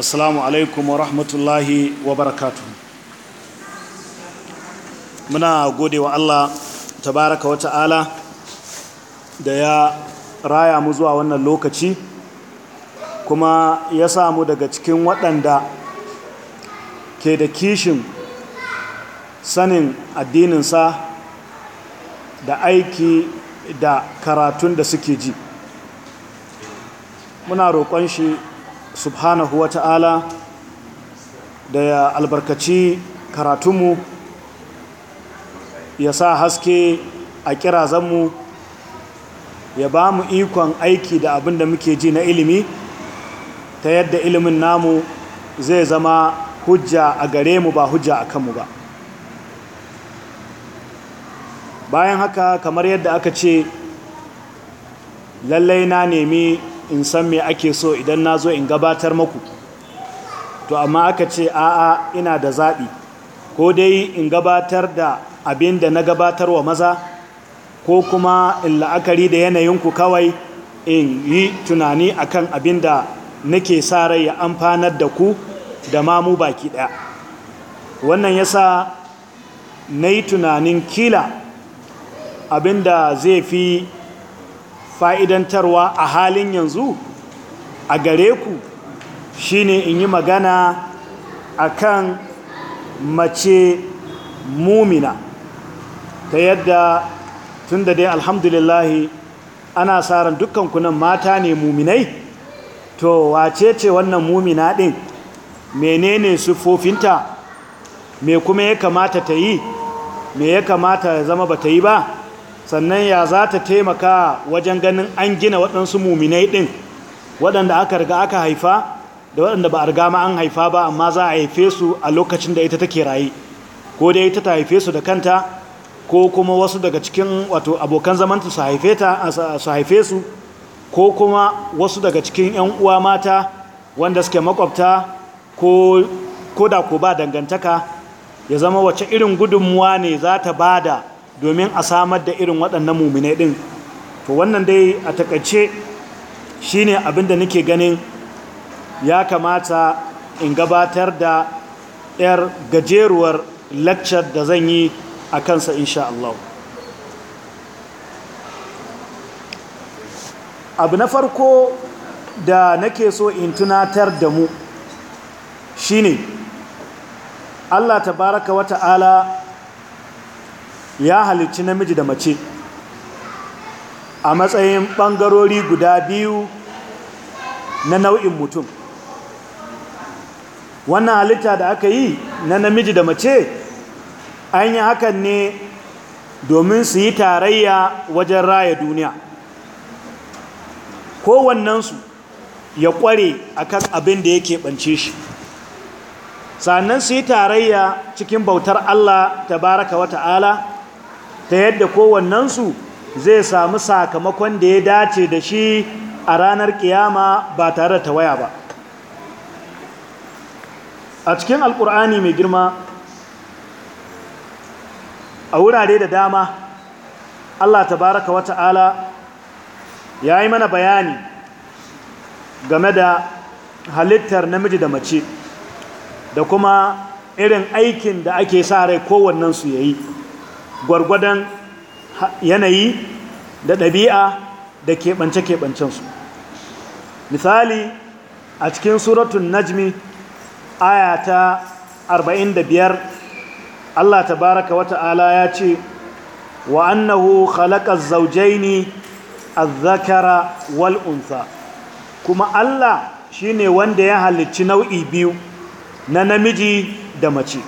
assalamu alaikum wa rahmatullahi wa barakatu muna gode wa Allah tabaraka wa ta'ala da ya raya mu zuwa wannan lokaci kuma ya samu daga cikin waɗanda ke da kishin sanin addininsa da aiki da karatun da suke ji muna roƙon shi subhanahu wa ta'ala da ya albarkaci karatunmu ya sa haske a kirazanmu ya ba mu ikon aiki da abin da muke ji na ilimi ta yadda ilimin namu zai zama hujja a gare mu ba hujja a kanmu ba bayan haka kamar yadda aka ce lallai na nemi in san me ake so idan na zo in gabatar maku to amma aka ce a'a ina da zaɓi ko dai in gabatar da abin da na gabatar wa maza ko kuma in la'akari da yanayinku kawai in yi tunani a kan abin da nake sa rai ya amfanar da ku da mamu baki ɗaya wannan ya sa na yi tunanin kila abin da zai fi fa'idantarwa a halin yanzu a gare ku shine in yi magana a kan mace mumina ta yadda tun da dai alhamdulillahi ana tsarin dukkan kunan mata ne muminai to wace ce wannan mumina ɗin menene siffofinta me kuma ya kamata ta yi me ya kamata ya zama ba ta yi ba sannan ya za ta taimaka wajen ganin an gina waɗansu muminai ɗin waɗanda aka riga aka haifa da waɗanda ba a riga ma an haifa ba amma za a haife su a lokacin da ita take raye ko da ita ta haife su da kanta ko kuma wasu daga cikin wato abokan zamanta su haife ta su haife su ko kuma wasu daga cikin ƴan uwa mata wanda suke makwabta ko ko da ko ba dangantaka ya zama wace irin gudunmuwa ne za ta bada domin a samar da irin waɗannan muminai ɗin to wannan dai a takaice shine abin da nake ganin ya kamata in gabatar da 'yar gajeruwar lecture da zan yi a kansa insha Allah abu na farko da nake so in tunatar da mu shine Allah ta baraka wa ta'ala ya halicci namiji da mace a matsayin ɓangarori guda biyu na nau'in mutum wannan halitta da aka yi na namiji da mace an yi hakan ne domin su yi tarayya wajen raya duniya kowannensu ya ƙware a kan abin da yake ɓance shi sannan su yi tarayya cikin bautar Allah ta baraka wata'ala ta yadda kowannensu zai samu sakamakon da ya dace da shi a ranar kiyama ba tare da tawaya ba a cikin alkur'ani mai girma a wurare da dama allah tabaraka wata'ala ya yi mana bayani game da halittar namiji da mace da kuma irin aikin da ake sa rai kowannensu ya yi gwargwadon yanayi da ɗabi'a da keɓance-keɓancensu misali a cikin suratun najmi aya ta 45 Allah tabaraka wa ta'ala ya ce wa annahu khalaqa zaujaini, adh kuma Allah shine wanda ya halicci nau'i biyu na namiji da mace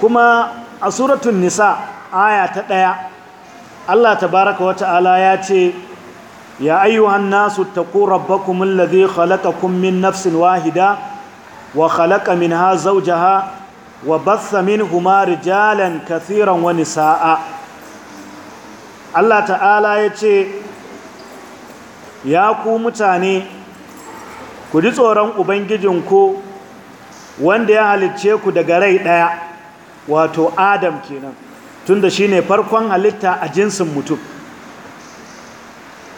kuma a suratun nisa aya ta ɗaya Allah tabaraka wa ta'ala ya ce ya ayyuhan nasu taqu rabbakum lade khalaqakum min nafsin wahida wa ha zauja jaha wa min minhuma rijalan kathiran wani sa'a.' Allah ta'ala ya ce ya ku mutane ku ji tsoron ubangijinku wanda ya halicce ku daga rai ɗaya wato adam kenan tunda shine farkon halitta a jinsin mutum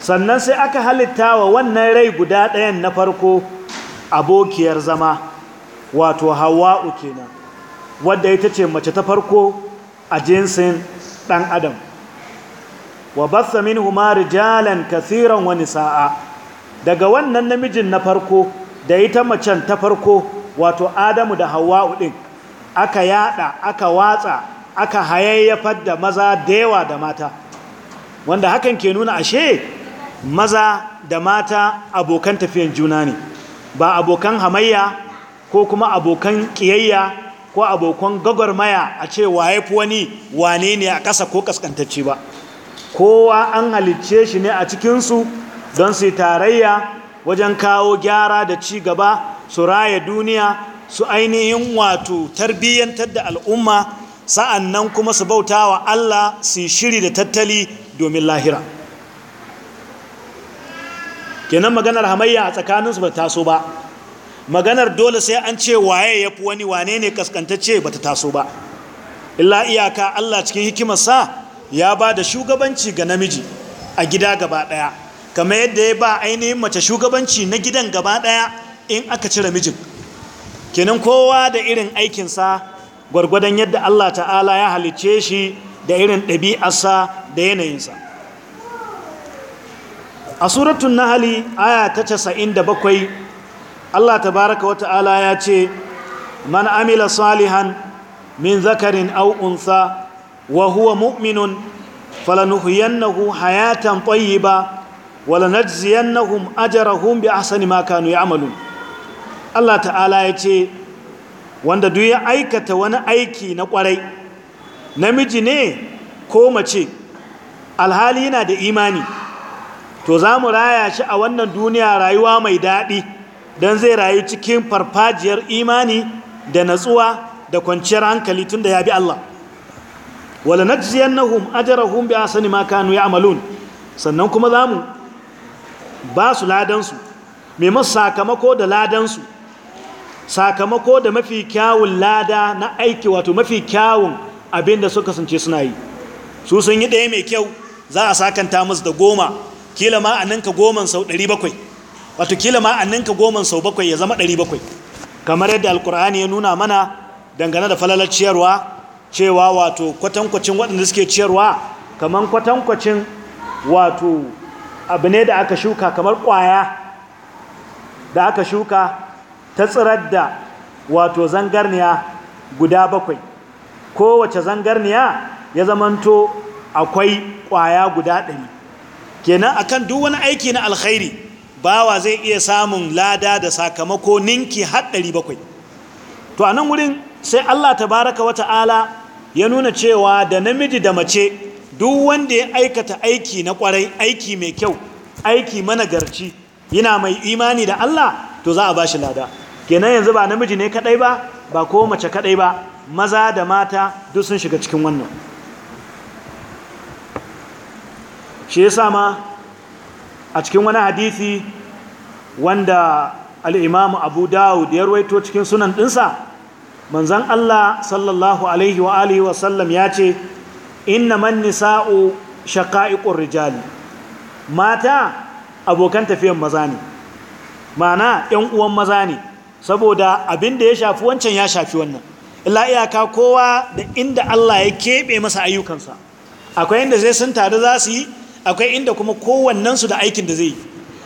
sannan sai aka halitta wa wannan rai guda ɗayan na farko abokiyar zama wato hawa'u kenan wadda ita ce mace ta farko a jinsin ɗan adam wa batsa min humari jalan kasiran wani sa'a daga wannan namijin na farko da ita macen ta farko wato adamu da hawa'u ɗin aka yada aka watsa aka hayayyafar da maza da yawa da mata wanda hakan ke nuna ashe maza da mata abokan tafiyan juna ne ba abokan hamayya ko kuma abokan kiyayya ko abokan gwagwarmaya a ce waye haifu wani wane ne a ƙasa ko ƙasƙantacce ba kowa an halicce shi ne a cikinsu don su tarayya wajen kawo gyara da ci gaba su raya duniya su ainihin wato tarbiyyantar da al'umma sa'an nan kuma su bauta wa Allah su shiri da tattali domin lahira kenan maganar hamayya a tsakaninsu ba taso ba maganar dole sai an ce waye ya fi wani wane ne kaskantacce ba ta taso ba illa iyaka Allah cikin hikimarsa ya ba da shugabanci ga namiji a gida gaba ɗaya kamar yadda ya ba ainihin mace shugabanci na gidan gaba ɗaya in aka cire mijin kenan kowa da irin aikinsa gwargwadon yadda Allah ta'ala ya halicce shi da irin ɗabi'arsa da yanayinsa a suratun nahali aya ta casa'in da bakwai Allah tabaraka wa ta'ala ya ce man amila salihan min zakarin au unsa wa huwa mu'minun falanuhuyannahu hayatan tayyiba wa lanajziyannahum ajrahum bi ahsani ma ya ya'malun Allah ta'ala ya ce wanda duk ya aikata wani aiki na kwarai namiji ne ko mace alhali yana da imani to za mu raya shi a wannan duniya rayuwa mai daɗi don zai rayu cikin farfajiyar imani da natsuwa da kwanciyar hankali tun da ya bi Allah wala ajiyar hum bi maka ma kanu ya'malun sannan kuma za mu ba su ladan su me masu sakamako da ladansu sakamako da mafi kyawun lada na aiki wato mafi kyawun abin da suka sunce suna yi su sun yi ɗaya mai kyau za a sakanta musu da goma kila ma a ninka goman sau ɗari bakwai wato kila ma a ninka goman sau bakwai ya zama ɗari bakwai kamar yadda alkur'ani ya nuna mana dangane da falalar ciyarwa cewa wato kwatankwacin waɗanda suke ciyarwa kamar kwatankwacin wato abu ne da aka shuka kamar ƙwaya da aka shuka ta tsirar da wato zangarniya guda bakwai kowace zangarniya ya zamanto akwai ƙwaya guda ɗari kenan akan duk wani aiki na alkhairi bawa zai iya samun lada da sakamako ninki har ɗari bakwai to a nan wurin sai allah ta baraka wata ala ya nuna cewa da namiji da mace duk wanda ya aikata aiki na ƙwarai aiki mai kyau aiki managarci yana mai imani da allah to za a ba shi lada kenan yanzu ba namiji ne kadai ba ba ko mace kadai ba maza da mata duk sun shiga cikin wannan shi yasa ma a cikin wani hadisi wanda al'imamu abu dawud ya ruwaito cikin sunan ɗinsa manzan Allah sallallahu alaihi wa alihi ya ce inna man nisa'u shaka'iƙun rijali mata abokan tafiyan maza ne mana ‘yan uwan maza ne’ saboda abin da ya shafi wancan ya shafi wannan illa iyaka kowa da inda Allah ya keɓe masa ayyukansa akwai inda zai sun tare za su yi akwai inda kuma kowannensu da aikin da zai yi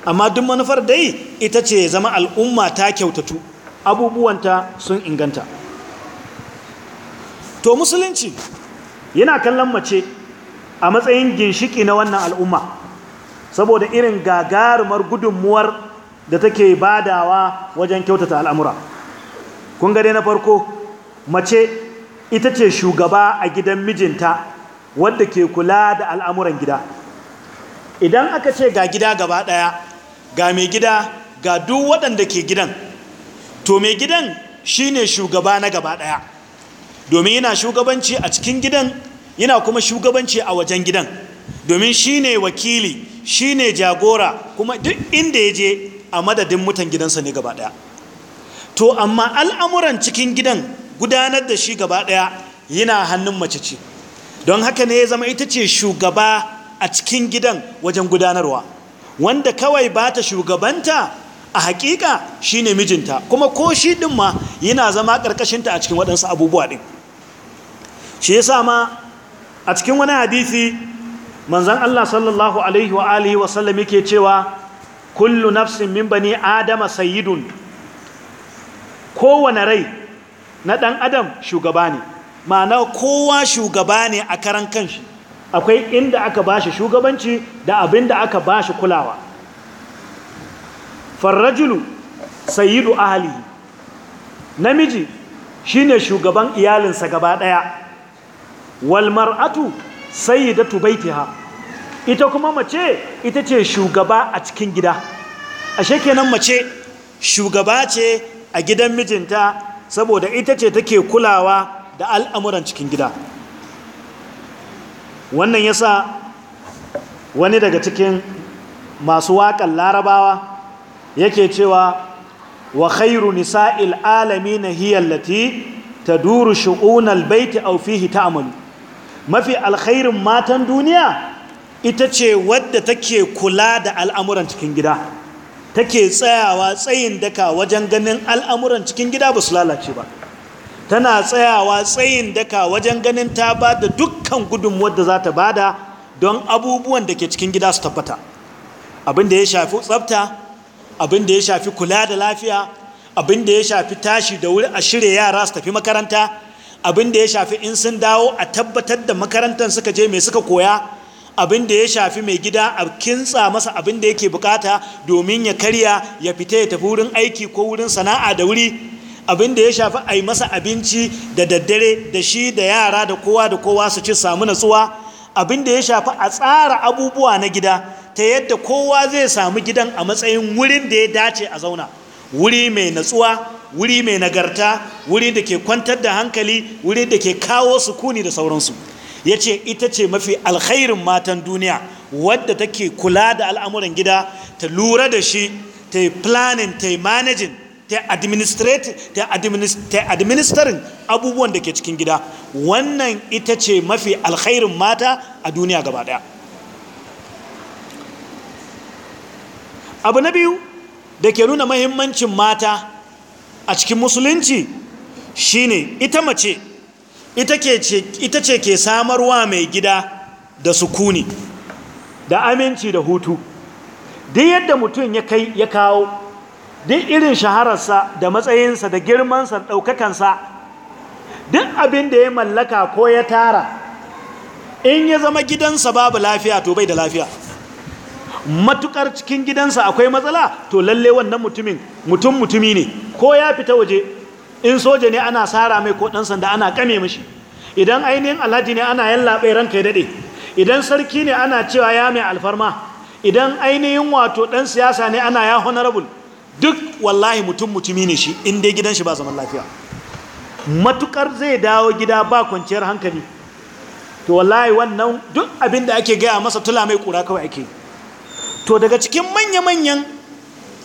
amma duk manufar dai ita ce zama al'umma ta kyautatu abubuwanta sun inganta to musulunci yana kallon mace a matsayin ginshiki na wannan al'umma saboda irin gagarumar gudunmuwar da take badawa wajen kyautata al'amura kun gane na farko mace ita ce shugaba a gidan mijinta wadda ke kula da al'amuran gida idan aka ce ga gida gaba daya ga mai gida ga duk waɗanda ke gidan to mai gidan shine shugaba na gaba daya domin yana shugabanci a cikin gidan yana kuma shugabanci a wajen gidan domin shine wakili shine jagora kuma duk inda ya je a madadin mutan gidansa ne gaba ɗaya to amma al'amuran cikin gidan gudanar da shi gaba ɗaya yana hannun mace ce don haka ne ya zama ita ce shugaba a cikin gidan wajen gudanarwa wanda kawai ba ta shugabanta a haƙiƙa shi ne mijinta kuma ko shi ɗin ma yana zama ƙarƙashinta a cikin waɗansu abubuwa ɗin shi ya sa ma a cikin wani hadisi manzan Allah sallallahu alaihi wa alihi wasallam yake cewa kullu nafsin min bani adama sayyidun kowane rai na ɗan adam shugaba ne ma'ana kowa shugaba ne a karan kanshi akwai inda aka bashi shugabanci da abinda da aka bashi kulawa farrajulu sayyidu ahali namiji shine shugaban iyalinsa gaba ɗaya wal mar'atu sayyidatu baitiha ita kuma mace ita ce shugaba a cikin gida ashe kenan mace shugaba ce a gidan mijinta saboda ita ce take kulawa da al'amuran cikin gida wannan yasa wani daga cikin masu waƙan larabawa yake cewa wa khairu nisa'il alamin ta taduru shu'unal baiti aufihi fihi amalu mafi alkhairin matan duniya ita ce wadda take kula da al'amuran cikin gida take tsayawa tsayin daka wajen ganin al'amuran cikin gida ba su lalace ba tana tsayawa tsayin daka wajen ganin ta ba da dukkan gudun wadda za ta ba da don abubuwan da ke cikin gida su tabbata abin da ya shafi tsafta abin da ya shafi kula da lafiya abin da ya shafi tashi da wuri a shirya yara su tafi makaranta abin da ya shafi in sun dawo a tabbatar da makarantar suka je mai suka koya abin da ya shafi mai gida a kintsa masa abin da yake bukata domin ya karya ya fita ya tafi wurin aiki ko wurin sana'a da wuri abin da ya shafi a yi masa abinci da daddare da shi da yara da kowa da kowa su ci samu natsuwa abin da ya shafi a tsara abubuwa na gida ta yadda kowa zai samu gidan a matsayin wurin da ya dace a zauna wuri mai natsuwa wuri mai nagarta wuri da ke kwantar da hankali wuri da ke kawo sukuni da sauransu ya ce ita ce mafi alkhairin matan duniya wadda take kula da al'amuran gida ta lura da shi ta yi planning ta yi managing ta administering abubuwan da ke cikin gida wannan ita ce mafi alkhairin mata a duniya gaba daya abu na biyu da ke nuna mahimmancin mata a cikin musulunci shine ita mace ita ce ke samarwa mai gida da sukuni da aminci da hutu duk yadda mutum ya kai ya kawo duk irin shahararsa da matsayinsa da girmansa da ɗaukakansa duk abin da ya mallaka ko ya tara in ya zama gidansa babu lafiya to bai da lafiya matukar cikin gidansa akwai matsala to lalle wannan mutumin mutum mutumi ne ko ya fita waje in soja ne ana sara mai ko ɗan sanda ana kame mashi idan ainihin alhaji ne ana yallaɓe ranka ya daɗe idan sarki ne ana cewa ya mai alfarma idan ainihin wato ɗan siyasa ne ana ya honorable duk wallahi mutum mutumi ne shi in dai gidan shi ba zaman lafiya matukar zai dawo gida ba kwanciyar hankali to wallahi wannan duk abin da ake gaya masa tula mai kura kawai ake to daga cikin manya-manyan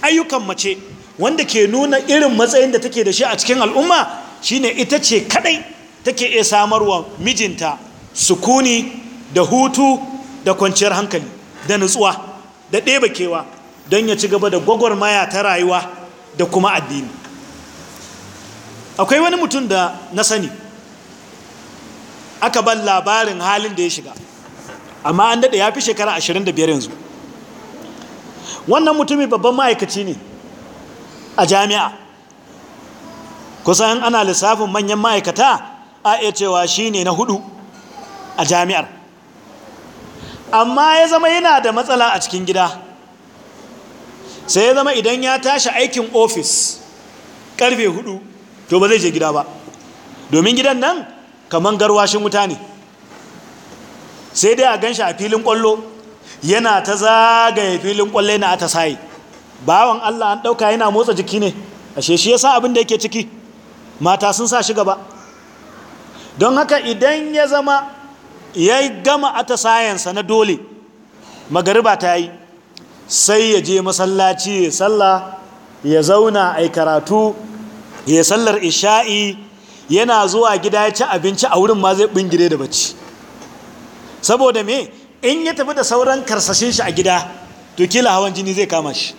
ayyukan mace wanda ke nuna irin matsayin da take da shi a cikin al'umma shine ita ce kadai take iya samarwa mijinta sukuni da hutu da kwanciyar hankali da nutsuwa da ɗeba kewa don ya ci gaba da gwagwarmaya ta rayuwa da kuma addini akwai wani mutum da na sani aka ban labarin halin da ya shiga amma an daɗe ya fi shekara 25 yanzu wannan mutumin babban ma'aikaci ne a jami'a kusan ana lissafin manyan ma'aikata a iya cewa shi ne na hudu a jami'ar amma ya zama yana da matsala a cikin gida sai ya zama idan ya tashi aikin ofis karfe hudu to ba zai je gida ba domin gidan nan kamar garwashin wuta ne sai dai a gan shi a filin kwallo yana ta zagaye filin kwallo yana ta sayi bawan Allah an ɗauka yana motsa jiki ne ashe shi sa abin da yake ciki mata sun sa shi gaba don haka idan ya zama ya gama atasayensa na dole magariba ta yi sai ya je masallaci ya sallah ya zauna a karatu ya sallar isha'i yana zuwa gida ya ci abinci a wurin ma zai bingire da bacci saboda me in ya tafi da sauran karsashin shi a gida to kila hawan jini zai kama shi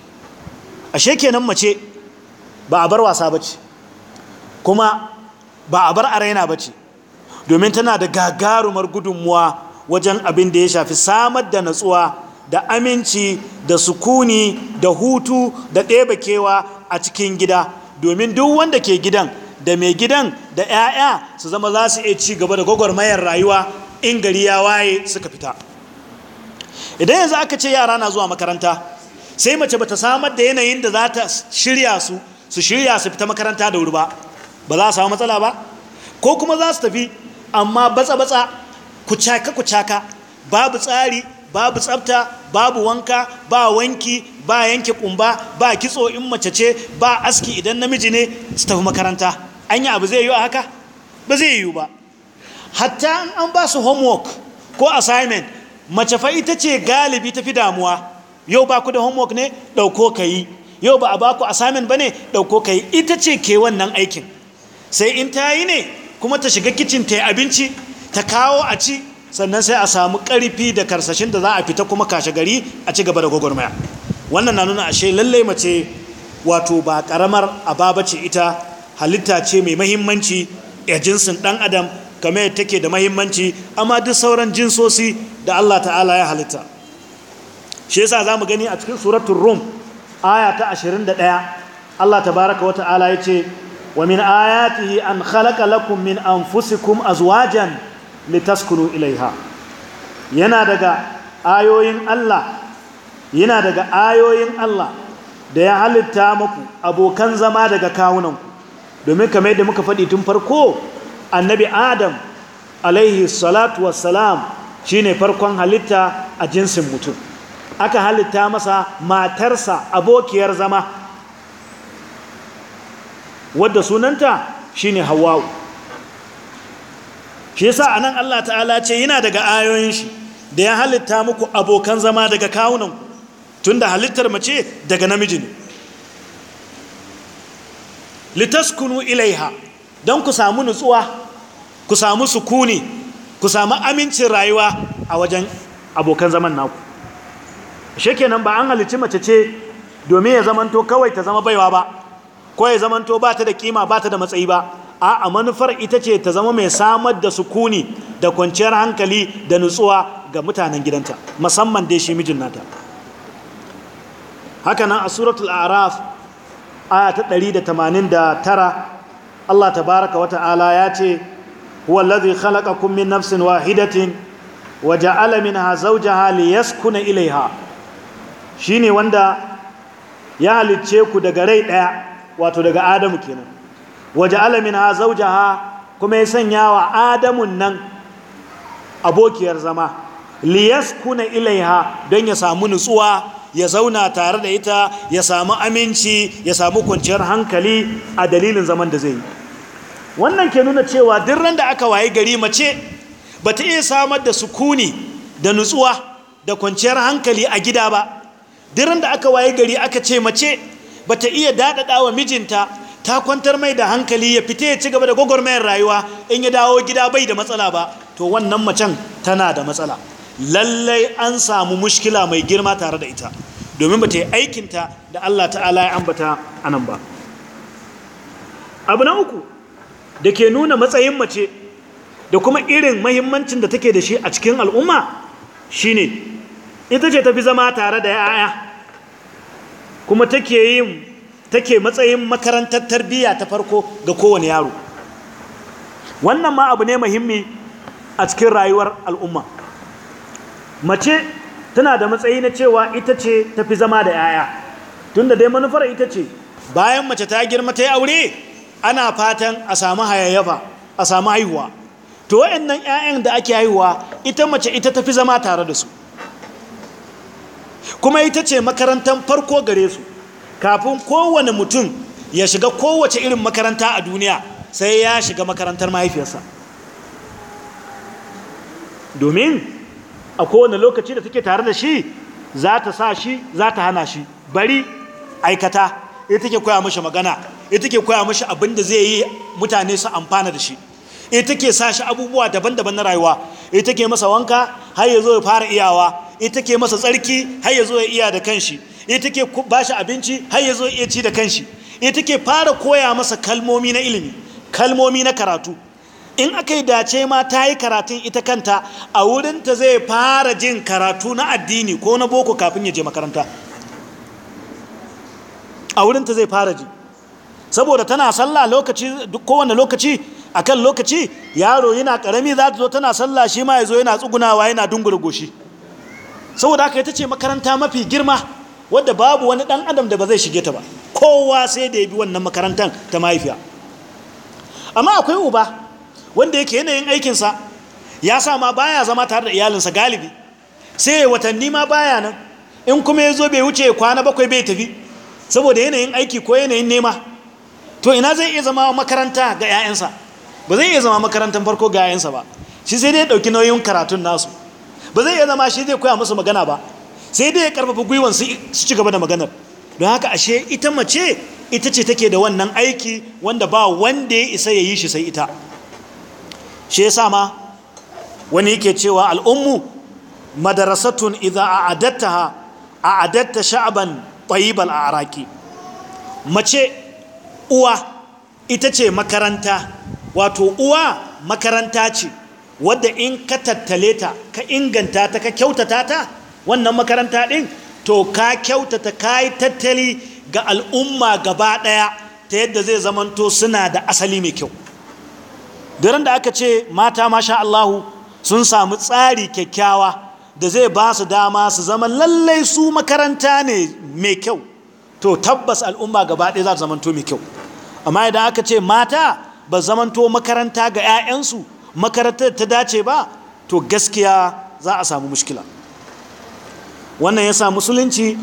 ashe kenan mace ba a bar wasa bace kuma ba a bar arena bace domin tana da gagarumar gudunmuwa wajen abin da ya shafi samar da natsuwa da aminci da sukuni da hutu da ɗebakewa a cikin gida domin duk wanda ke gidan da mai gidan da 'ya'ya su zama za su iya ci gaba da gwagwarmayar rayuwa in gari ya waye suka fita idan yanzu aka ce yara na zuwa makaranta sai mace bata samar da yanayin da za ta shirya su su shirya su fita makaranta da wuri ba ba za a samu matsala ba ko kuma za su tafi amma batsa-batsa kucaka-kucaka babu tsari babu tsabta, babu wanka ba wanki ba yanke kumba ba kitso in mace ce ba aski idan namiji ne su tafi makaranta an yi abu zai yi a haka ba zai yi ba hatta an ba su homework ko assignment mace fa ita ce galibi ta fi damuwa yau ba ku da homework ne ɗauko ka yi yau ba a ba ku assignment ba ne ɗauko ka yi ita ce ke wannan aikin sai in ta yi ne kuma ta shiga kicin ta yi abinci ta kawo a ci sannan sai a samu ƙarfi da karsashin da za a fita kuma kashe gari a ci gaba da gwagwarmaya wannan na nuna ashe lallai mace wato ba ƙaramar ababa ce ita halitta ce mai mahimmanci ya jinsin ɗan adam kamar take da mahimmanci amma duk sauran jinsosi da allah ta'ala ya halitta shi yasa zamu gani a cikin suratun rum aya ta 21 Allah tabaaraka wa ta'ala yace wa min ayatihi an khalaqa lakum min anfusikum azwajan litaskunu ilaiha yana daga ayoyin Allah yana daga ayoyin Allah da ya halitta maku abokan zama daga kawunanku domin kamar yadda muka faɗi tun farko annabi adam alaihi salatu wassalam shine farkon halitta a jinsin mutum aka halitta masa matarsa abokiyar zama wadda sunanta shine hawa'u shi yasa anan Allah ta'ala ce yana daga ayoyin shi da ya halitta muku abokan zama daga kawunan tunda halittar mace daga namiji ne litaskunu ilaiha don ku samu nutsuwa ku samu sukuni ku samu amincin rayuwa a wajen abokan zaman naku shekenan ba an halicci mace ce domin ya zamanto kawai ta zama baiwa ba ko ya zamanto ba ta da kima ba ta da matsayi ba a manufar ita ce ta zama mai samar da sukuni da kwanciyar hankali da nutsuwa ga mutanen gidanta musamman dai shi mijin nata hakanan a suratul araf aya ta 189 Allah ta wa ta'ala ya ce huwa allazi khalaqakum min nafsin wahidatin wa ja'ala minha zawjaha liyaskuna ilayha Shi ne wanda ya halicce ku daga rai ɗaya, wato daga adamu kenan waje alamin ha, zauja ha, kuma ya sanya wa adamun nan abokiyar zama liyaskuna ilaiha don ya samu nutsuwa ya zauna tare da ita ya samu aminci ya samu kwanciyar hankali a dalilin zaman da zai yi wannan ke nuna cewa duk ran da aka waye gari mace ba ta iya samar da sukuni da nutsuwa da kwanciyar hankali a gida ba diran da aka waye gari aka ce mace bata iya daɗaɗa wa mijinta ta kwantar mai da hankali ya fita ya ci gaba da gwagwarmayar rayuwa in ya dawo gida bai da matsala ba to wannan macen tana da matsala lallai an samu mushkila mai girma tare da ita domin bata yi aikinta da Allah ta'ala ya ambata a nan ba abu na uku da ke nuna matsayin mace da kuma irin mahimmancin da take da shi a cikin al'umma shine ita ce tafi zama tare da yaya kuma take yin take matsayin makarantar tarbiyya ta farko ga kowane yaro wannan ma abu ne muhimmi a cikin rayuwar al'umma mace tana da matsayi na cewa ita ce tafi zama da yaya tunda dai manufar ita ce bayan mace ta girma ta yi aure ana fatan a samu hayayyafa a samu haihuwa to wa'annan 'ya'yan da ake haihuwa ita mace ita tafi zama tare da su kuma ita ce makarantar farko gare su kafin kowane mutum ya shiga kowace irin makaranta a duniya sai ya shiga makarantar mahaifiyarsa domin a kowane lokaci da take tare da shi za ta sa shi za ta hana shi bari aikata ita ke koya mashi magana ita ke koya mashi abinda zai yi mutane su amfana da shi ita e, ke sa shi abubuwa daban-daban na rayuwa ita e, take masa wanka har ya ya fara iyawa ita e, take masa tsarki har ya ya iya da kanshi ita take ba shi abinci har ya zo ya ci da kanshi ita take fara koya masa kalmomi na ilimi kalmomi na karatu in aka yi dace ma ta yi karatun ita kanta a wurinta zai fara jin karatu na addini ko na boko kafin ya je makaranta a wurinta zai fara ji saboda tana sallah lokaci kowane lokaci a kan lokaci yaro yana karami za ta zo tana sallah shi ma ya zo yana tsugunawa yana goshi saboda haka ita ce makaranta mafi girma wadda babu wani dan adam da ba zai shige ta ba kowa sai da ya bi wannan makarantar ta mahaifiya amma akwai uba wanda yake yanayin aikinsa ya sa ma baya zama tare da iyalinsa galibi sai ya watanni ma baya nan in kuma ya zo bai wuce kwana bakwai bai tafi saboda yanayin aiki ko yanayin nema to ina zai iya zama makaranta ga 'ya'yansa ba zai iya zama makarantar farko ga yayansa ba shi sai dai ya ɗauki nauyin karatun nasu ba zai iya zama shi zai koya musu magana ba sai dai ya karfafa gwiwan su ci gaba da maganar don haka ashe ita mace ita ce take da wannan aiki wanda ba wanda ya isa ya yi shi sai ita shi yasa ma wani yake cewa al'ummu madarasatun idza adatta sha'aban sha'ban tayyibal araki mace uwa ita ce makaranta wato uwa makaranta ce wadda in ka tattale ta ka inganta ta ka kyautata ta wannan makaranta ɗin to ka kyautata ka yi tattali ga al'umma gaba ɗaya ta yadda zai zamanto suna da asali mai kyau daren da aka ce mata masha Allahu sun samu tsari kyakkyawa da zai ba su dama su zama lallai su makaranta ne mai kyau to tabbas al'umma gaba ɗaya za ta zamanto mai kyau amma idan aka ce mata ba zamanto makaranta ga 'ya'yansu makarantar ta dace ba to gaskiya za a samu mushkila wannan ya sa musulunci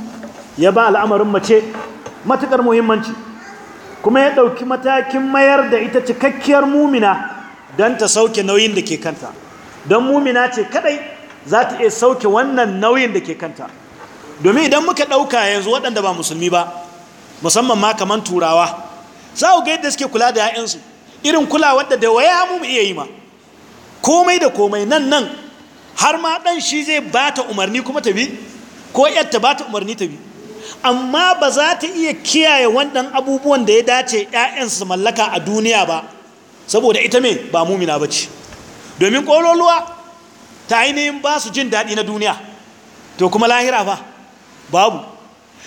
ya ba al'amarin mace matuƙar muhimmanci kuma ya ɗauki matakin mayar da ita cikakkiyar mumina don ta sauke nauyin da ke kanta don mumina ce kadai za ta iya sauke wannan nauyin da ke kanta domin idan muka ɗauka yanzu waɗanda ba musulmi ba musamman ma kamar turawa za ku ga yadda suke kula da 'ya'yansu irin kula da da waya mu iya yi ma komai da komai nan nan har ma dan shi zai ba ta umarni kuma ta bi ko ta ba ta umarni ta bi amma ba za ta iya kiyaye wannan abubuwan da ya dace su mallaka a duniya ba saboda ita mai ba mumina ba domin ƙololuwa ta ainihin ba su jin daɗi na duniya to kuma lahira ba babu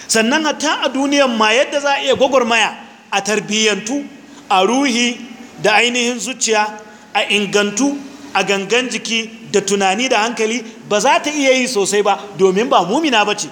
sannan hatta a duniyan ma yadda za a iya gwagwarmaya a tarbiyyantu a ruhi da ainihin zuciya a ingantu a gangan jiki da tunani da hankali ba za ta iya yi sosai ba domin ba mumina ba ce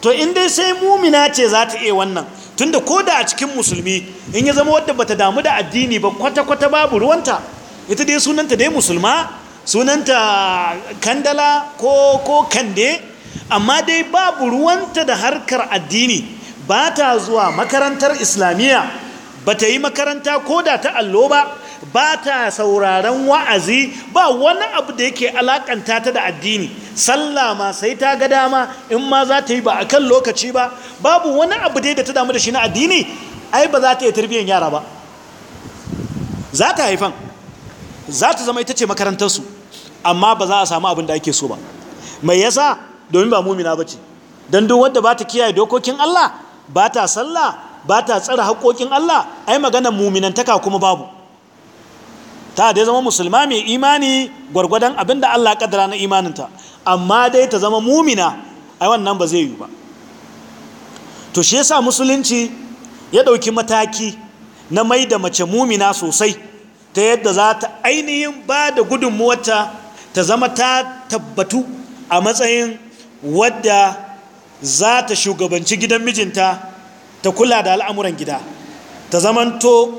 to in dai sai mumina ce za ta iya wannan tunda ko da a cikin musulmi in ya zama wadda bata damu da addini ba kwata-kwata babu ruwanta ita dai sunanta dai musulma sunanta kandala ko ko kande amma dai babu ruwanta da harkar addini ba ta zuwa makarantar islamiyya ba ta yi makaranta ko da ta allo ba ba ta sauraron wa'azi ba wani abu da yake alakanta ta da addini sallah ma sai ta ga dama in ma za ta yi ba a kan lokaci ba babu wani abu dai da ta damu da shi na addini ai ba za ta yi tarbiyyar yara ba za ta haifan za ta zama ita ce makarantarsu amma ba za a samu abin da ake so ba mai yasa domin ba mumina ba ce don duk wadda ba ta kiyaye dokokin allah ba ta sallah ba ta tsara haƙoƙin Allah ai maganar muminantaka kuma babu ta dai zama musulma mai imani gwargwadon abin da Allah kadara na imaninta amma dai ta zama mumina ai wannan ba zai yi ba to shi yasa musulunci ya ɗauki mataki na mai da mace mumina sosai ta yadda za ta ainihin ba da gudunmuwarta ta zama ta tabbatu a matsayin wadda za ta shugabanci gidan mijinta ta kula da al'amuran gida ta zamanto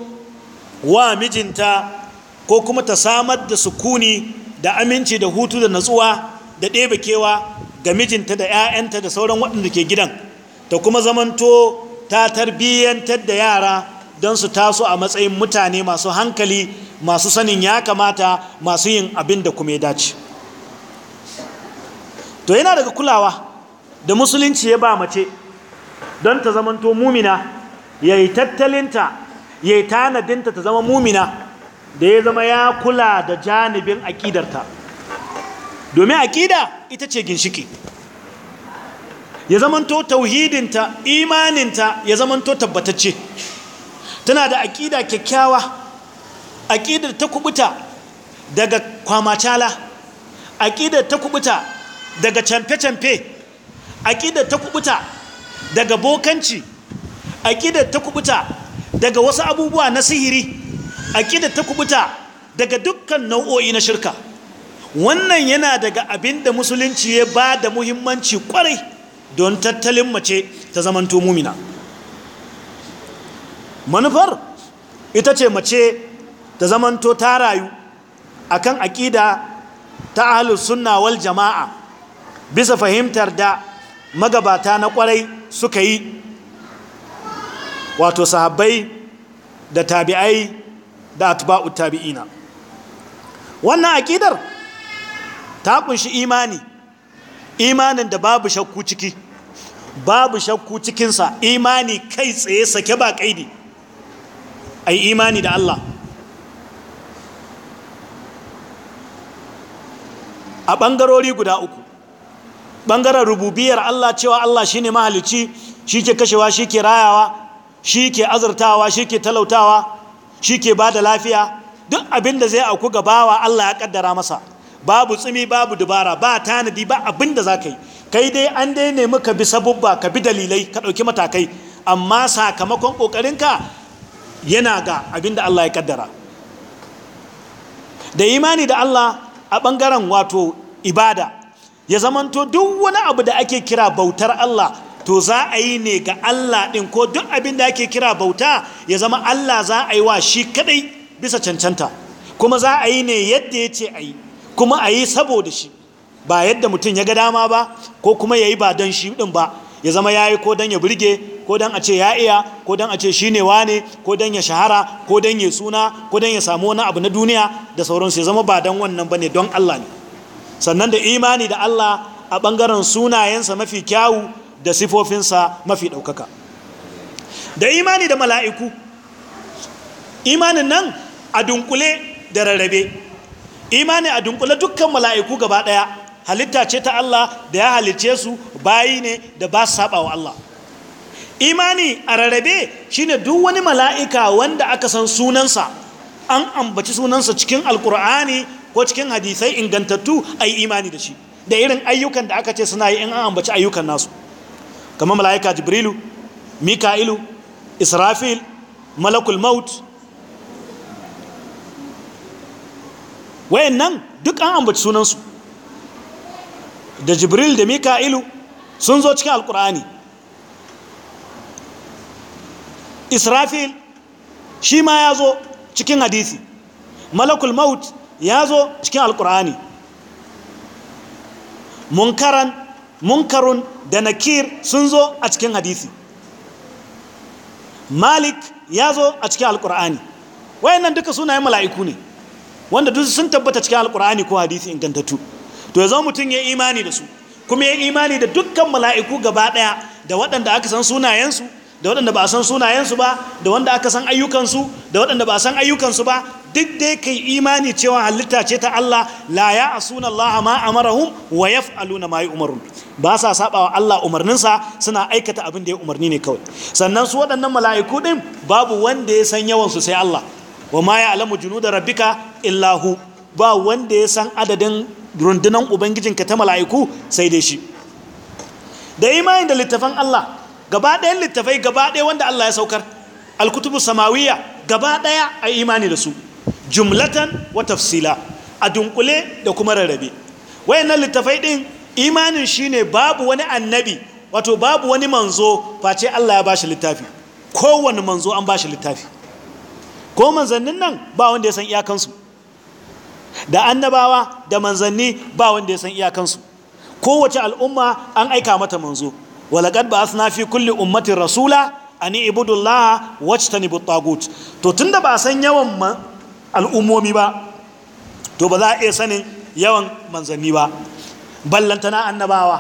wa mijinta ko kuma ta samar da sukuni da aminci da hutu da natsuwa da ɗebe kewa ga mijinta da 'ya'yanta da sauran waɗanda ke gidan ta kuma zamanto ta tarbiyyantar da yara don su taso a matsayin mutane masu hankali masu sanin ya kamata masu yin abin da kuma ya dace to yana daga kulawa da musulunci ya ba mace don ta zamanto mumina ya yi tattalinta ya yi tanadinta ta zama mumina da ya zama ya kula da janibin aƙidarta domin aƙida ita ce ginshiki ya zamanto tauhidinta imaninta ya zamanto tabbatacce tana da aƙida kyakkyawa aƙidar ta kubuta daga kwamacala Aƙida ta kubuta daga camfe-camfe aƙidar ta kubuta daga bokanci aƙidar ta kubuta daga wasu abubuwa na sihiri aƙidar ta kubuta daga dukkan nau'o'i na shirka wannan yana daga abin da musulunci ya ba da muhimmanci kwarai don tattalin mace ta zamanto mumina manufar ita ce mace ta zamanto ta rayu akan aƙida ta ahlus sunna wal jama'a bisa fahimtar da magabata na kwarai suka yi wato sahabbai da tabi'ai da atba'u tabi'ina wannan aƙidar ta kunshi imani imanin da babu shakku ciki babu shakku cikinsa imani kai tsaye sake ba kaidi a imani da Allah a ɓangarori guda uku bangaren rububiyar Allah cewa Allah shi ne mahalicci shi ke kashewa shi ke rayawa shi ke azurtawa shi ke talautawa shi ke ba da lafiya duk abin da zai auku ga bawa Allah ya kaddara masa babu tsimi babu dubara ba tanadi ba abin da za ka yi kai dai an dai nemi ka bi sabubba ka bi dalilai ka ɗauki matakai amma sakamakon ƙoƙarinka yana ga abin da Allah ya kaddara da imani da Allah a ɓangaren wato ibada ya zamanto duk wani abu da ake kira bautar Allah to za a yi ne ga Allah ɗin ko duk abin da ake kira bauta ya zama Allah za a yi wa shi kadai bisa cancanta kuma za a yi ne yadda ya ce a yi kuma a yi saboda shi ba yadda mutum ya ga dama ba ko kuma ya yi ba don shi ɗin ba ya zama ya yi ko don ya burge ko don a ce ya iya ko don a ce shi ne wane ko don ya shahara ko don ya suna ko don ya samu wani abu na duniya da sauransu ya zama ba don wannan ba ne don Allah ne sannan da imani da Allah a ɓangaren sunayensa mafi kyawu da sifofinsa mafi ɗaukaka da imani da mala'iku imanin nan a dunkule da rarrabe imani a dunkule dukkan mala'iku gaba ɗaya halitta ce ta Allah da ya halicce su bayi ne da ba su saba wa Allah imani a rarrabe shine duk wani mala'ika wanda aka san sunansa an ambaci sunansa cikin alkur'ani ko cikin hadisai ingantattu a imani da shi da irin ayyukan da aka ce suna yi in an ambaci ayyukan nasu kamar mala'ika jibrilu mika'ilu israfil malakul maut wayannan duk an ambaci sunansu da jibril da mika'ilu sun zo cikin alkur'ani israfil shi ma ya zo cikin hadisi malakul maut ya zo cikin alkur'ani munkaran munkarun da nakir sun zo a cikin hadisi malik ya zo a cikin alkur'ani wayannan duka sunayen mala'iku ne wanda duk sun tabbata cikin alkur'ani ko hadisi ingantattu to ya zo mutum ya imani da su kuma ya imani da dukkan mala'iku gaba ɗaya da waɗanda aka san sunayensu da waɗanda ba a san sunayensu ba da wanda aka san ayyukansu da waɗanda ba a san ayyukansu ba duk dai kayi imani cewa halitta ce ta Allah la ya asuna Allah ma amarahum wa yaf'aluna ma yu'marun ba sa sabawa Allah umarninsa suna aikata abin da ya umarni ne kawai sannan su waɗannan mala'iku din babu wanda ya san yawan su sai Allah wa ma ya'lamu junuda rabbika illa hu ba wanda ya san adadin rundunan ubangijinka ta mala'iku sai dai shi da imanin da littafan Allah gaba ɗayan littafai gaba ɗaya wanda Allah ya saukar alkutubu samawiya gaba ɗaya a imani da su jumlatan wa tafsila a dunkule da kuma rarrabe wayannan littafai din imanin shine babu wani annabi wato babu wani manzo face Allah ya bashi littafi kowanne manzo an bashi littafi ko manzannin nan ba wanda ya san iyakansu da annabawa da manzanni ba wanda ya san iyakansu kowace al'umma an aika mata manzo walaqad ba'athna fi kulli ummatin rasula ani ibudullaha wajtanibut tagut to tunda ba san yawan al'ummomi ba to ba za a iya sanin yawan manzanni ba ballantana annabawa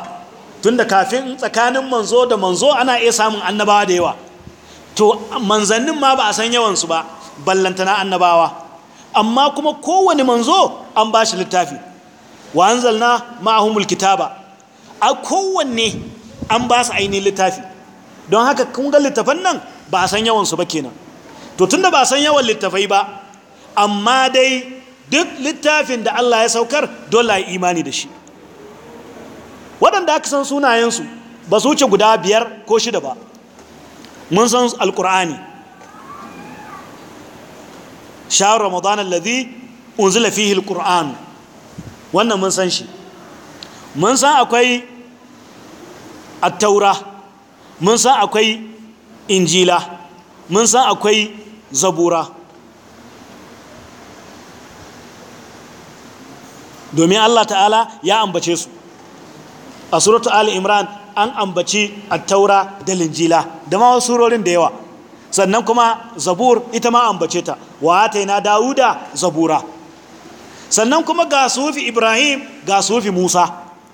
tunda kafin tsakanin manzo da manzo ana iya samun annabawa da yawa to manzannin ma ba a san yawansu ba ballantana annabawa amma kuma kowane manzo an ba shi littafi wa anzalna ma'ahumul kitaba a kowanne an ba su ainihin littafi don haka kungan ga littafan nan ba a san yawansu ba kenan to tunda ba a san yawan littafai ba amma dai duk littafin da Allah ya saukar dole a imani da shi waɗanda aka san sunayensu ba su wuce guda biyar ko shida ba mun san alkur'ani shahar ramadan alladhi unzila fihi alquran wannan mun san shi mun san akwai Attaura. mun san akwai injila mun san akwai zabura domin Allah ta'ala ya ambace su a suratu ali imran an ambaci attaura da linjila da ma wasu surorin da yawa sannan kuma zabur ita ma ambace ta wa ataina dawuda zabura sannan kuma ga sufi ibrahim ga sufi musa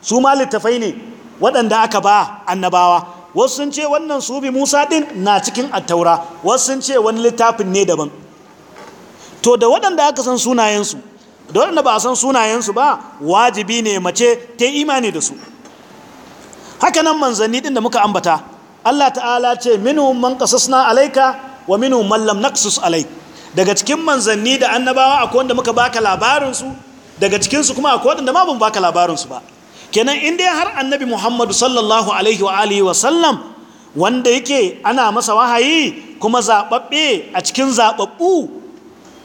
su ma littafai ne waɗanda aka ba annabawa wasu sun ce wannan sufi musa ɗin na cikin attaura wasu sun ce wani littafin ne daban to da waɗanda aka san sunayensu da ba a san sunayensu ba wajibi ne mace ta imani da su haka nan manzanni din da muka ambata Allah ta'ala ce minu man kasasna alaika wa minu man lam naqsus alaik daga cikin manzanni da annabawa akwai wanda muka baka labarin su daga cikin su kuma akwai wanda ma ban baka labarin su ba kenan in dai har annabi muhammad sallallahu alaihi wa alihi wa sallam wanda yake ana masa wahayi kuma zaɓaɓɓe a cikin zaɓaɓɓu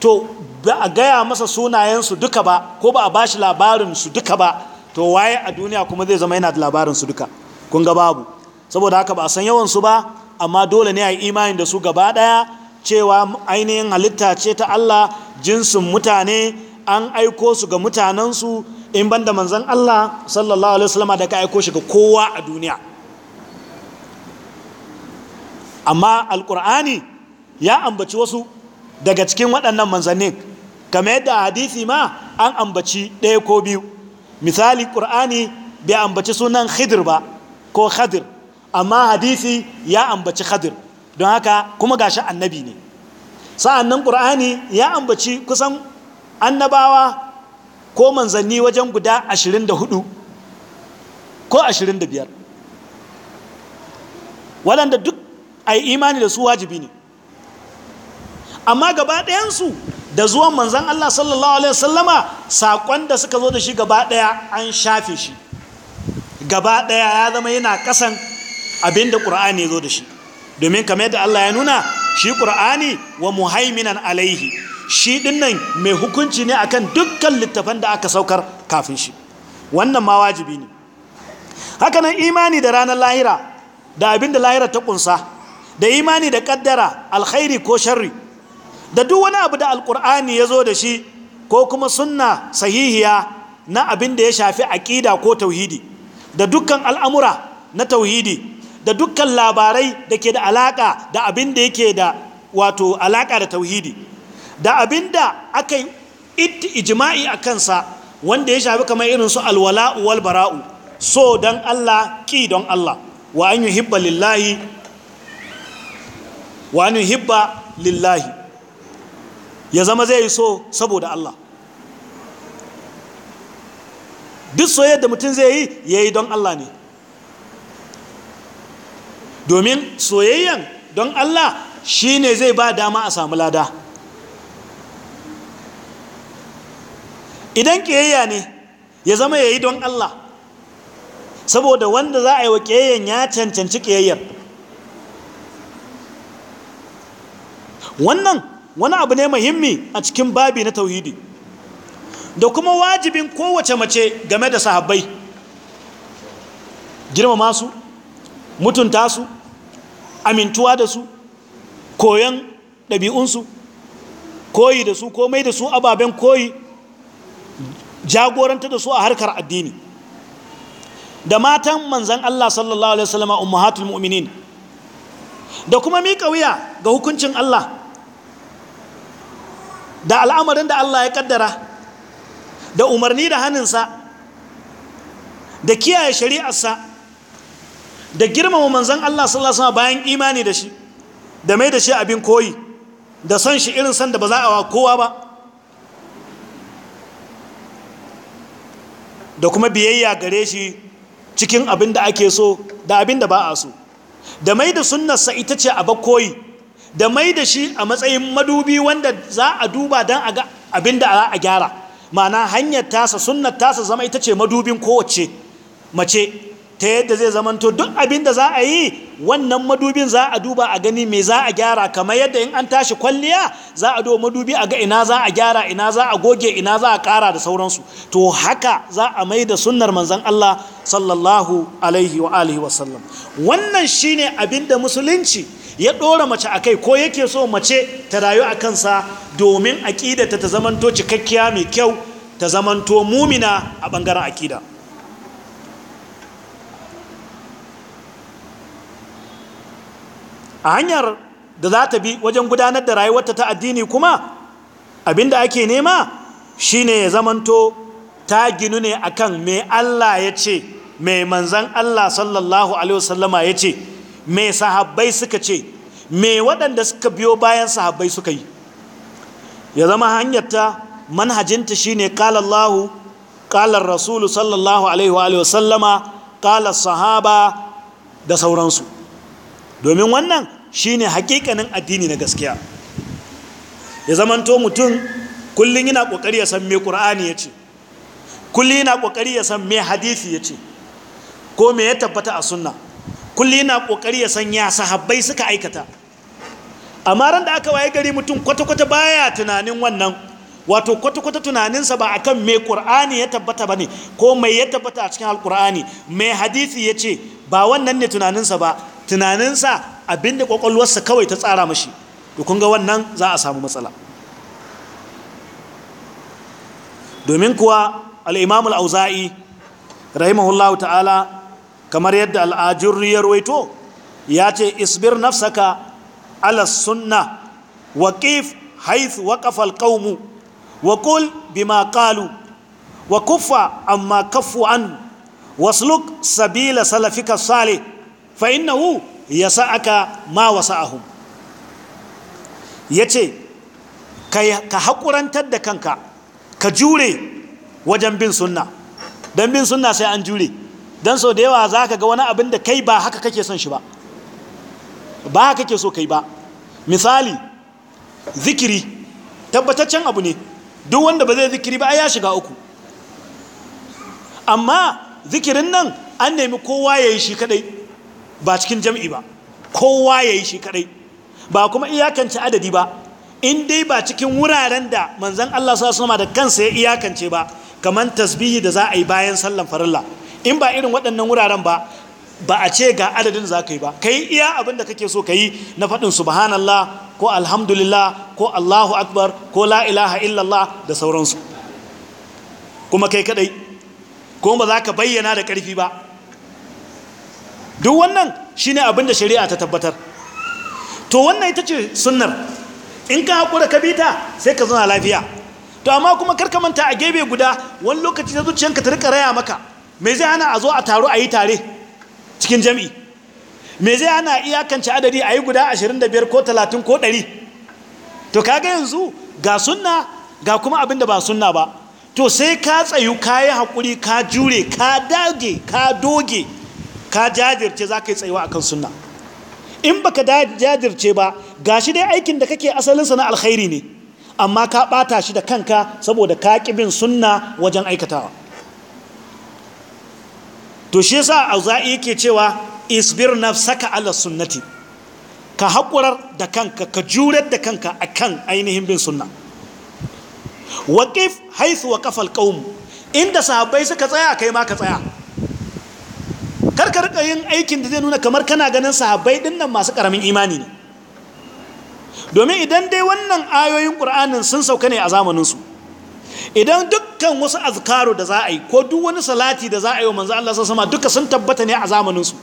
to ba a gaya masa sunayensu duka ba ko ba a bashi labarinsu duka ba to waye a duniya kuma zai zama yana da labarinsu duka kun ga babu saboda haka ba a san yawansu ba amma dole ne a yi imanin da su gaba ɗaya cewa ainihin halitta ce ta Allah jinsin mutane an aiko su ga mutanensu in ban da manzan Allah sallallahu alaihi wasallam da ka aiko shi ga kowa a duniya amma alkur'ani ya ambaci wasu daga cikin waɗannan manzannin kamar yadda hadisi ma an ambaci ɗaya ko biyu misali ƙur'ani bai ambaci sunan khidir ba ko khadir amma hadisi ya ambaci khadir don haka kuma gashi annabi ne Sa'annan ƙur'ani ya ambaci kusan annabawa ko manzanni wajen guda 24 ko 25 waɗanda duk a yi imani da su wajibi ne amma gaba ɗayansu da zuwan manzan Allah sallallahu alaihi wasallama sakon da suka zo da shi gaba ɗaya an shafe shi gaba ɗaya ya zama yana kasan abinda qur'ani zo da shi domin kamar yadda Allah ya nuna shi qur'ani wa muhaiminan alaihi shi ɗinnan mai hukunci ne akan dukkan littafan da aka saukar kafin shi wannan ma wajibi ne Hakanan imani da ranar lahira da abinda lahira ta ƙunsa, da imani da ƙaddara, alkhairi ko sharri da duk wani abu da alkur'ani ya zo da shi ko kuma sunna sahihiya na abin da ya shafi aƙida ko tauhidi da dukkan al'amura na tauhidi da dukkan labarai da ke da alaƙa da abin da yake da wato alaƙa da tauhidi da abin da aka yi ijima'i a kansa wanda ya shafi kamar irin su alwala'u wal bara'u so don Allah ƙi don Allah wa an yi hibba lillahi ya zama zai yi so saboda Allah duk soyayyar da mutum zai yi ya yi don Allah ne domin soyayyan don Allah shi ne zai ba dama a samu lada idan ƙiyayya ne ya zama ya yi don Allah saboda wanda za a yi wa ƙiyayyan ya cancanci ƙiyayyar wannan wani abu ne muhimmi a cikin babi na tauhidi da kuma wajibin kowace mace game da sahabbai girmama su mutunta su amintuwa da su koyon ɗabi'unsu koyi da su komai da su ababen koyi jagoranta da su a harkar addini da matan manzan Allah sallallahu Alaihi wasallama ummahatul mu'minin da kuma miƙa wuya ga hukuncin Allah da al'amarin da Allah ya kaddara da umarni da hannunsa da kiyaye shari'arsa da girmama manzan Allah sallallahu alaihi bayan imani da shi da mai da shi abin koyi da son shi irin san da ba za a wa kowa ba da kuma biyayya gare shi cikin abin da ake so da abin da ba a so da mai da sunnarsa ita ce a koyi da mai da shi a matsayin madubi wanda za a duba don a ga abin da za a gyara Ma'ana hanyar tasa sunnar tasa zama ita ce madubin kowace mace ta yadda zai zamanto duk abin da za a yi wannan madubin za a duba a gani mai za a gyara kamar yadda in an tashi kwalliya za a do madubi a ga ina za a gyara ina za a goge ina za a kara da sauransu to haka za a mai da sunnar manzan Allah sallallahu alaihi wa alihi wasallam wannan shine abin da musulunci ya ɗora mace a kai ko yake so mace ta rayu a kansa domin aƙidata ta zamanto cikakkiya mai kyau ta zamanto mumina a ɓangaren aƙida a hanyar da za ta bi wajen gudanar da rayuwarta ta addini kuma abinda ake nema shine ya zamanto ta ginu ne akan mai Allah ya ce mai manzan Allah sallallahu alaihi wasallama ya ce Mai sahabbai suka ce me waɗanda suka biyo bayan sahabbai suka yi ya zama hanyarta manhajinta shine ne kalallahu kalar Rasulu sallallahu alaihi wa sallama kalar sahaba da sauransu domin wannan shine hakikanin addini na gaskiya ya zamanto mutum kullum yana kokari ya san me ya ce kullum yana kokari ya san me hadisi ce ko me ya tabbata a sunna kulli yana kokari ya san ya sahabbai suka aikata amma ran da aka waye gari mutum kwata-kwata baya tunanin wannan wato kwata-kwata tunaninsa ba akan mai qur'ani ya tabbata bane ko mai ya tabbata a cikin alqur'ani mai hadisi ya ce ba wannan ne tunaninsa ba tunaninsa abinda kwakwalwarsa kawai ta tsara mashi to kun ga wannan za a samu matsala domin kuwa al-imam al-auza'i rahimahullahu ta'ala kamar yadda al'ajirri ya ruwaito ya ce isbir nafsaka alas sunna wa kif haith kafal alqawm wa qul bima qalu wa kuffa amma kaffu an wasluk sabila salafika sale fa innahu sa'aka ma wasa'ahum ce, ka haƙurantar da kanka ka jure wajen bin sunna don bin sunna sai an jure don sau da yawa za ka ga wani abin da kai ba haka kake son shi ba ba haka kake so kai ba misali zikiri tabbataccen abu ne duk wanda ba zai zikiri ba ya shiga uku amma zikirin nan an nemi kowa ya yi shi kadai ba cikin jam'i ba kowa ya yi shi kadai ba kuma iyakance adadi ba in dai ba cikin wuraren da manzan Allah sa da kansa ya iyakance ba kamar tasbihi da za a yi bayan sallan farilla in ba irin waɗannan wuraren ba ba a ce ga adadin za ka yi ba ka yi iya abin da kake so ka yi na faɗin subhanallah ko alhamdulillah ko allahu akbar ko la ilaha illallah da sauransu kuma kai kadai ko ba za ka bayyana da ƙarfi ba duk wannan shi ne abin da shari'a ta tabbatar to wannan ita ce sunnar in ka haƙura ka bita sai ka zana lafiya to amma kuma karkamanta manta a gebe guda wani lokaci ta zuciyanka ta rika raya maka me zai hana a zo a taro a yi tare cikin jami'i me zai hana iyakance adadi a yi guda 25 ko 30 ko 100 to kaga yanzu ga sunna ga kuma abin da ba sunna ba to sai ka tsayu ka yi haƙuri ka jure ka dage ka doge ka jajirce za ka yi tsayuwa a kan sunna in ba ka jajirce ba ga shi dai aikin da kake asalinsa na alkhairi ne amma ka ɓata shi da kanka saboda ka ƙi bin sunna wajen aikatawa to shi yasa auza'i yake cewa isbir na saka ala sunnati ka haƙurar da kanka ka jurar da kanka a kan ainihin bin sunna waqif wa waqafa alqawm inda sahabbai suka tsaya kai ma ka tsaya karkar yin aikin da zai nuna kamar kana ganin sahabbai dinnan masu ƙaramin imani ne domin idan dai wannan ayoyin ƙur'anin sun sauka ne a zamaninsu idan dukkan wasu azkaru da za a yi ko duk wani salati da za a yi wa manzo Allah sama duka sun tabbata ne a zamanin su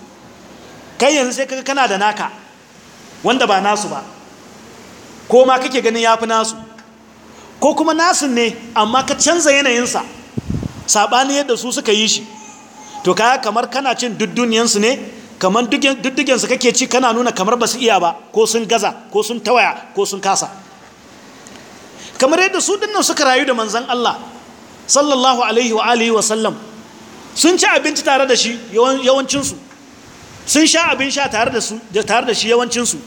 kai yanzu sai kaga kana da naka wanda ba nasu ba ko ma kake ganin yafi nasu ko kuma nasu ne amma ka canza yanayin sa. sabani yadda su suka yi shi to kaya kamar kana cin dudduniyansu ne kamar duddugensu kake ci kana nuna kamar ba su iya ba ko sun gaza ko sun tawaya ko sun kasa kamar yadda su dinnan suka rayu da manzan Allah sallallahu alaihi wa alihi wa sallam sun ci abinci tare da shi yawancinsu sun sha abin sha tare da shi yawancinsu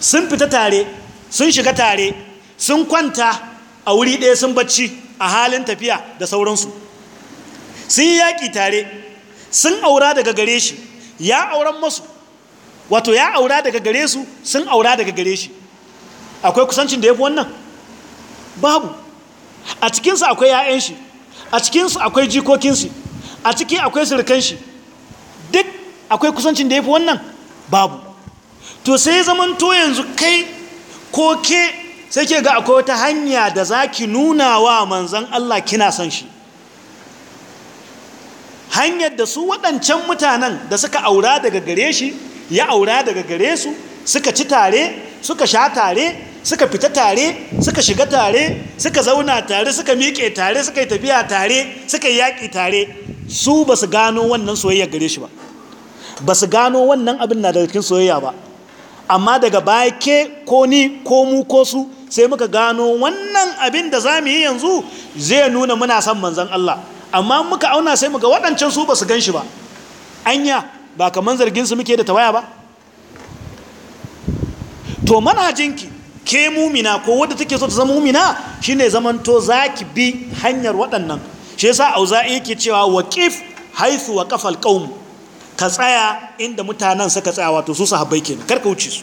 sun fita tare sun shiga tare sun kwanta a wuri ɗaya sun bacci a halin tafiya da sauransu sun yi yaƙi tare sun aura daga gare shi ya auren masu wato ya aura daga gare su sun aura daga gare shi akwai kusancin da ya fi wannan babu a cikinsu akwai 'ya'yan shi a cikinsu akwai jikokinsu a ciki akwai surukan shi duk akwai kusancin da ya fi wannan babu to sai to yanzu kai ko ke sai ke ga akwai wata hanya da za ki nuna wa manzan Allah kina son shi hanyar da su waɗancan mutanen da suka aura daga gare shi ya aura daga gare su suka ci tare suka sha tare suka fita tare suka shiga tare suka zauna tare suka miƙe tare suka yi tafiya tare suka yi yaƙi tare su ba su gano wannan soyayya gare shi ba ba su gano wannan abin na da cikin soyayya ba amma daga baya ke ko ni ko mu ko su sai muka gano wannan abin da za mu yi yanzu zai nuna muna son manzan Allah amma muka auna sai muka waɗancan su ba su gan shi ba anya ba kamar zargin su muke da tawaya ba to manhajinki ke mumina ko wadda take so ta zama mumina shine zamanto zaki bi hanyar waɗannan shi yasa auza'i yake cewa waqif haythu waqafa alqaum ka tsaya inda mutanen suka tsaya wato su sahabbai kenan karka wuce su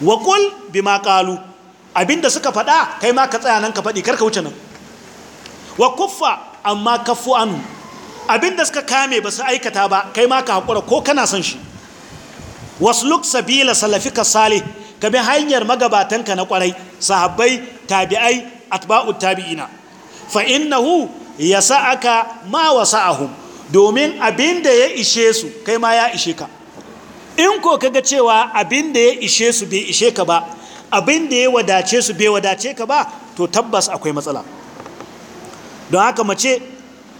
wa qul bima qalu abinda suka faɗa kai ma ka tsaya nan ka faɗi karka wuce nan wa kuffa amma kafu anu abinda suka kame ba su aikata ba kai ma ka haƙura ko kana son shi wasluk sabila salafika salih ka bi hanyar magabatanka na kwarai sahabbai tabi'ai atba'u tabi'ina fa innahu yasa'aka ma wasa'ahum domin abin da ya ishe su kai ma ya ishe ka in ko kaga cewa abin da ya ishe su bai ishe ka ba abin da ya wadace su bai wadace ka ba to tabbas akwai matsala don haka mace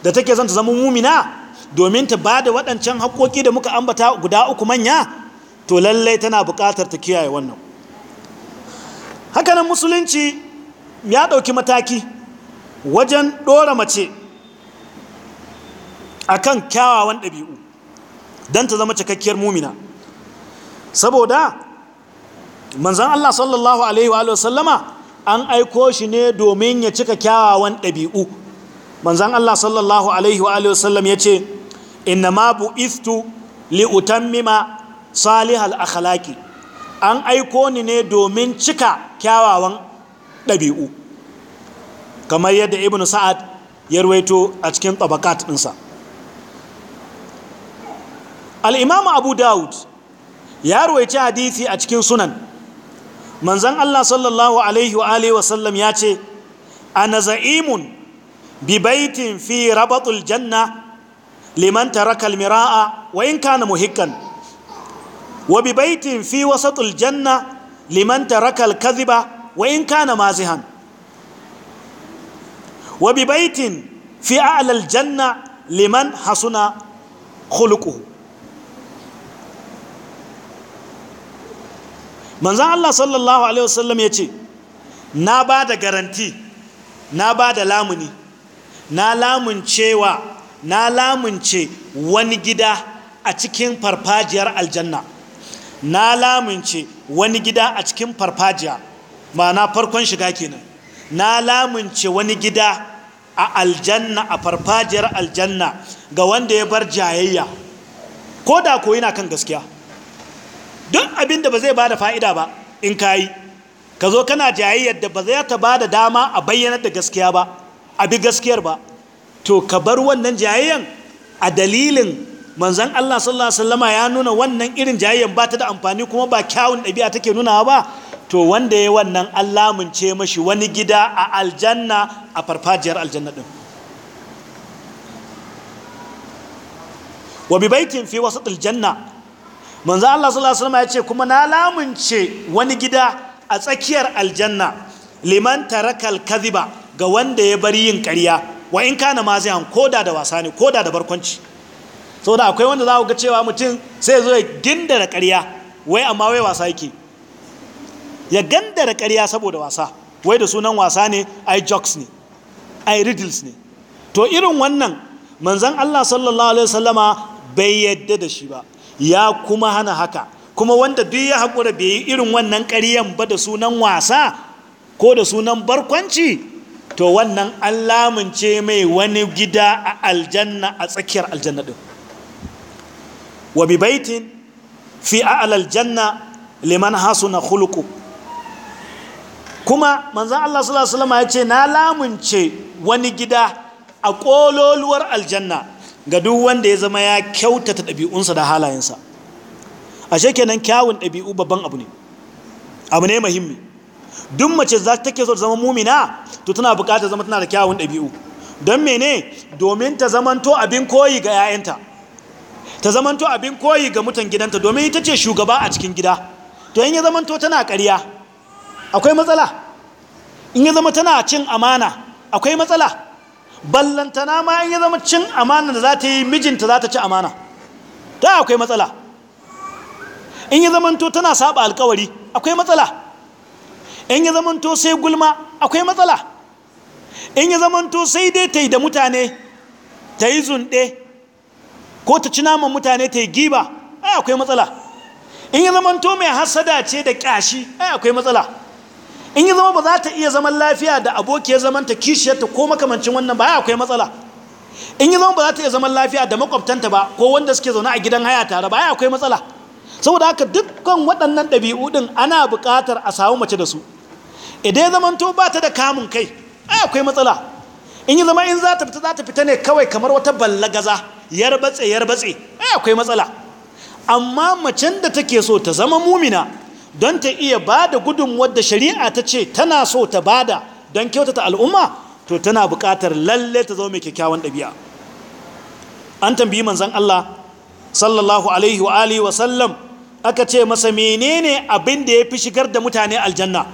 da take zan ta zama mumina domin ta bada waɗancan haƙoƙi da muka ambata guda uku manya to lallai tana buƙatar ta kiyaye wannan hakanan musulunci ya ɗauki mataki wajen ɗora mace a kan kyawawan ɗabi'u don ta zama cikakkiyar mumina saboda manzan Allah sallallahu Alaihi wa sallama an aiko shi ne domin ya cika kyawawan ɗabi'u manzan Allah sallallahu Alaihi wa sallam ya ce inna ma bu li'utan mima salihal akhalaki. an aiko ni ne domin cika kyawawan ɗabi'u kamar yadda ibn sa'ad ya ruwaito a cikin tsabakat ɗinsa al'imamu abu dawud ya ruwaici hadithi a cikin sunan manzan allah sallallahu alaihi wa alaihi wasallam ya ce a za'imun bibaitin fi rabatul janna liman taraka mira'a, wa in kana muhikkan wa bi baitin fi wasatul liman taraka al-kadhiba wa kana mazihan wa bi baitin fi liman hasuna khuluquhu manzon Allah sallallahu alaihi wasallam yace na ba da garanti na ba da lamuni na lamuncewa na lamunce wani gida a cikin farfajiyar aljanna na lamunce wani gida a cikin farfajiya ma'ana farkon shiga kenan na lamunce wani gida a aljanna a farfajiyar aljanna ga wanda ya bar jayayya ko da ko yana kan gaskiya don abin da ba zai ba da fa'ida ba in ka yi ka zo kana jayayyar da ba zai ta ba da dama a bayyanar da gaskiya ba a bi gaskiyar ba to ka bar wannan jayayyan a dalilin manzan Allah sallallahu alaihi wasallama ya nuna wannan irin jayayyan ba ta da amfani kuma ba kyawun ɗabi'a take nunawa ba to wanda ya wannan Allah mun ce mashi wani gida a aljanna a farfajiyar aljanna din wa bi baitin fi wasu Aljanna. Manzan Allah sallallahu alaihi wasallama ya ce kuma na lamunce wani gida a tsakiyar aljanna liman tarakal kadhiba ga wanda ya bari yin ƙarya wa in kana mazihan koda da wasa ne koda da barkwanci da akwai wanda za ku ga cewa mutum sai zo ya gindara ƙarya wai amma wai wasa yake ya gandara ƙarya saboda wasa wai da sunan wasa ne ai jokes ne ai riddles ne to irin wannan manzon Allah sallallahu alaihi wasallama bai yadda da shi ba ya kuma hana haka kuma wanda duk ya haƙura bai yi irin wannan ƙaryan ba da sunan wasa ko da sunan barkwanci to wannan an lamunce mai wani gida a aljanna a tsakiyar aljanna ɗin wa bi baitin fi a'lal janna liman hasuna khuluqu kuma manzon Allah sallallahu alaihi wasallam ya ce na lamunce wani gida a kololuwar aljanna ga duk wanda ya zama ya kyautata ɗabi'unsa da halayensa ashe kenan kyawun ɗabi'u babban abu ne abu ne muhimmi duk mace za ta so ta zama mumina to tana bukatar zama tana da kyawun ɗabi'u don mene domin ta zamanto abin koyi ga 'ya'yanta ta zamanto abin koyi ga mutan gidanta domin ita ce shugaba a cikin gida to in ya zamanto tana ƙarya akwai matsala in ya zama tana cin amana akwai matsala ballantana ma in ya zama cin amana da za ta yi mijinta za ta ci amana ta akwai matsala in ya zamanto tana saba alkawari akwai matsala in ya zamanto sai gulma akwai matsala in ya zamanto sai dai ta yi da mutane ta yi zunɗe ko ta ci naman mutane ta yi giba ai akwai matsala in yi to mai hasada ce da kashi ai akwai matsala in yi zama ba za ta iya zaman lafiya da abokiyar zamanta kishiyarta ko makamancin wannan ba ai akwai matsala in yi zama ba za ta iya zaman lafiya da makwabtanta ba ko wanda suke zaune a gidan haya tare ba ai akwai matsala saboda haka dukkan waɗannan ɗabi'u ɗin ana buƙatar a samu mace da su idan to ba ta da kamun kai ai akwai matsala in yi zama in za ta fita za ta fita ne kawai kamar wata ballagaza yarbatse yarbatse ai eh, akwai matsala amma macen da take so ta zama mumina don ta iya bada gudun wadda shari'a ta ce tana so ta bada don kyautata al'umma to tana buƙatar lalle ta zama mai kyakkyawan ɗabi'a an tambayi manzon Allah sallallahu alaihi wa alihi wa sallam aka ce masa menene abin da ya fi shigar da mutane aljanna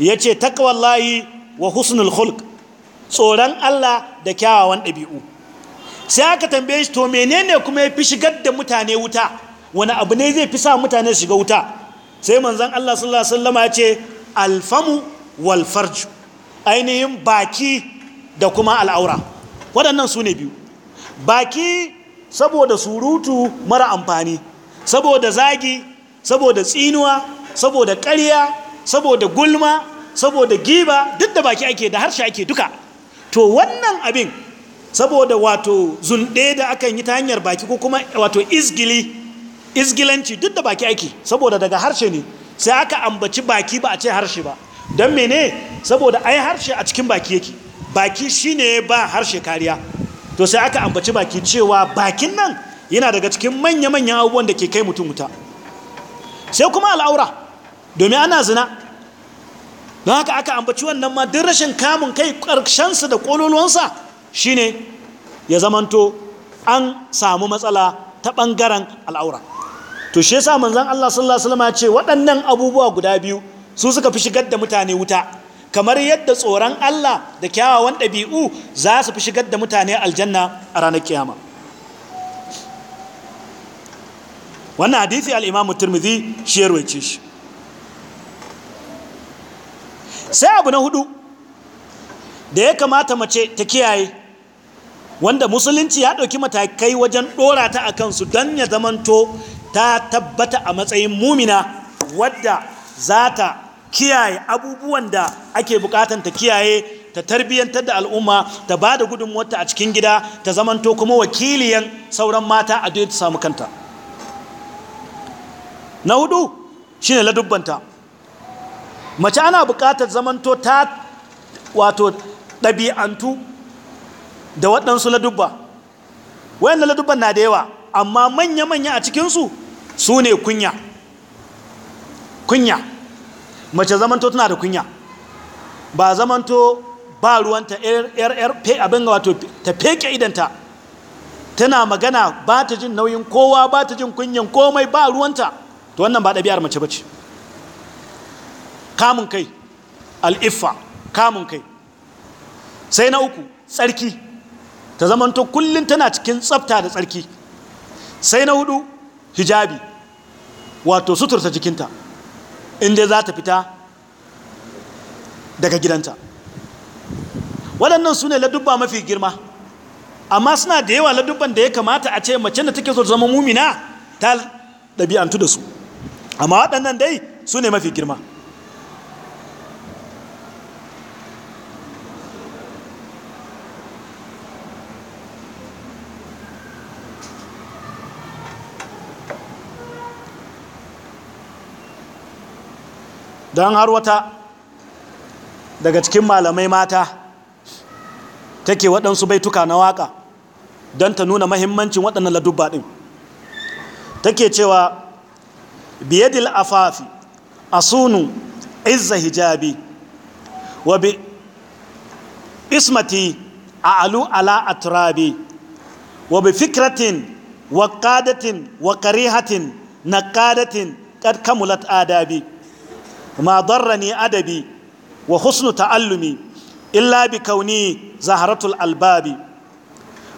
yace ce takawallahi wa husnul hulk tsoron Allah da kyawawan ɗabi'u sai aka tambaye shi to menene kuma ya fi shigar da mutane wuta wani abu ne zai fi sa mutane shiga wuta sai manzan Allah sallallahu alaihi wasallam ya ce alfamu wal farj ainihin baki da kuma al'aura waɗannan su ne biyu baki saboda surutu mara amfani saboda zagi saboda tsinuwa saboda ƙarya saboda gulma saboda giba duk da baki ake da harshe ake duka to wannan abin saboda wato zunɗe da akan yi ta hanyar baki ko kuma wato izgili izgilanci duk da baki aiki saboda daga harshe ne sai aka ambaci baki ba a ce harshe ba don mene saboda ai harshe a cikin baki yake baki shine ba harshe kariya to sai aka ambaci baki cewa bakin nan yana daga cikin manya-manyan abubuwan da ke kai mutum wuta sai kuma al'aura domin ana zina don haka aka ambaci wannan ma duk rashin kamun kai ƙarshensa da ƙololuwansa Shi ne ya zamanto an samu matsala ta ɓangaren al'aura to shi yasa manzon Allah sallallahu alaihi wasallam ce waɗannan abubuwa guda biyu su suka fi shigar da mutane wuta kamar yadda tsoron Allah da kyawawan ɗabi'u za su fi shigar da mutane aljanna a ranar kiyama wannan hadithi al'imamu turmizi shi ya roce shi sai abu na hudu da ya kamata mace ta kiyaye wanda musulunci ya ɗauki matakai wajen ɗora ta a kansu don ya zamanto ta tabbata a matsayin mumina wadda za ta kiyaye abubuwan da ake bukatan ta kiyaye ta tarbiyyantar da al'umma ta ba da gudunmuwarta a cikin gida ta zamanto kuma wakiliyan sauran mata a duk samu kanta na hudu shi shine ladubbanta mace ana bukatar zamanto ta wato ɗabi'antu da waɗansu ladubba wayan da ladubban na da yawa amma manya-manya a cikinsu su ne kunya kunya mace zamanto tana da kunya ba zamanto ba ruwanta yar abin ga wato ta feke idanta tana magana ba ta jin nauyin kowa ba ta jin kunyan komai ba ruwanta to wannan ba ɗabi'ar mace bace kamun kai al'iffa kamun kai sai na uku tsarki ta zamanto kullum tana cikin tsafta da tsarki sai na hudu hijabi wato suturta jikinta inda za ta fita daga gidanta waɗannan su ne ladubba mafi girma amma suna da yawa ladubban da ya kamata a ce mace da take so zama mumina ta ɗabi'antu da su amma waɗannan dai su ne mafi girma don har wata daga cikin malamai mata take waɗansu baituka na waƙa don ta nuna mahimmancin waɗannan ladubba ɗin take cewa biyadil afafi sunu, izza hijabi wa bi ismati alu ala atrabi wa bi fikratin wa ƙadatin wa karihatin naqadatin qad kamulat adabi ma ni adabi wa husnu ta'allumi illa bi kauni zaharatul albabi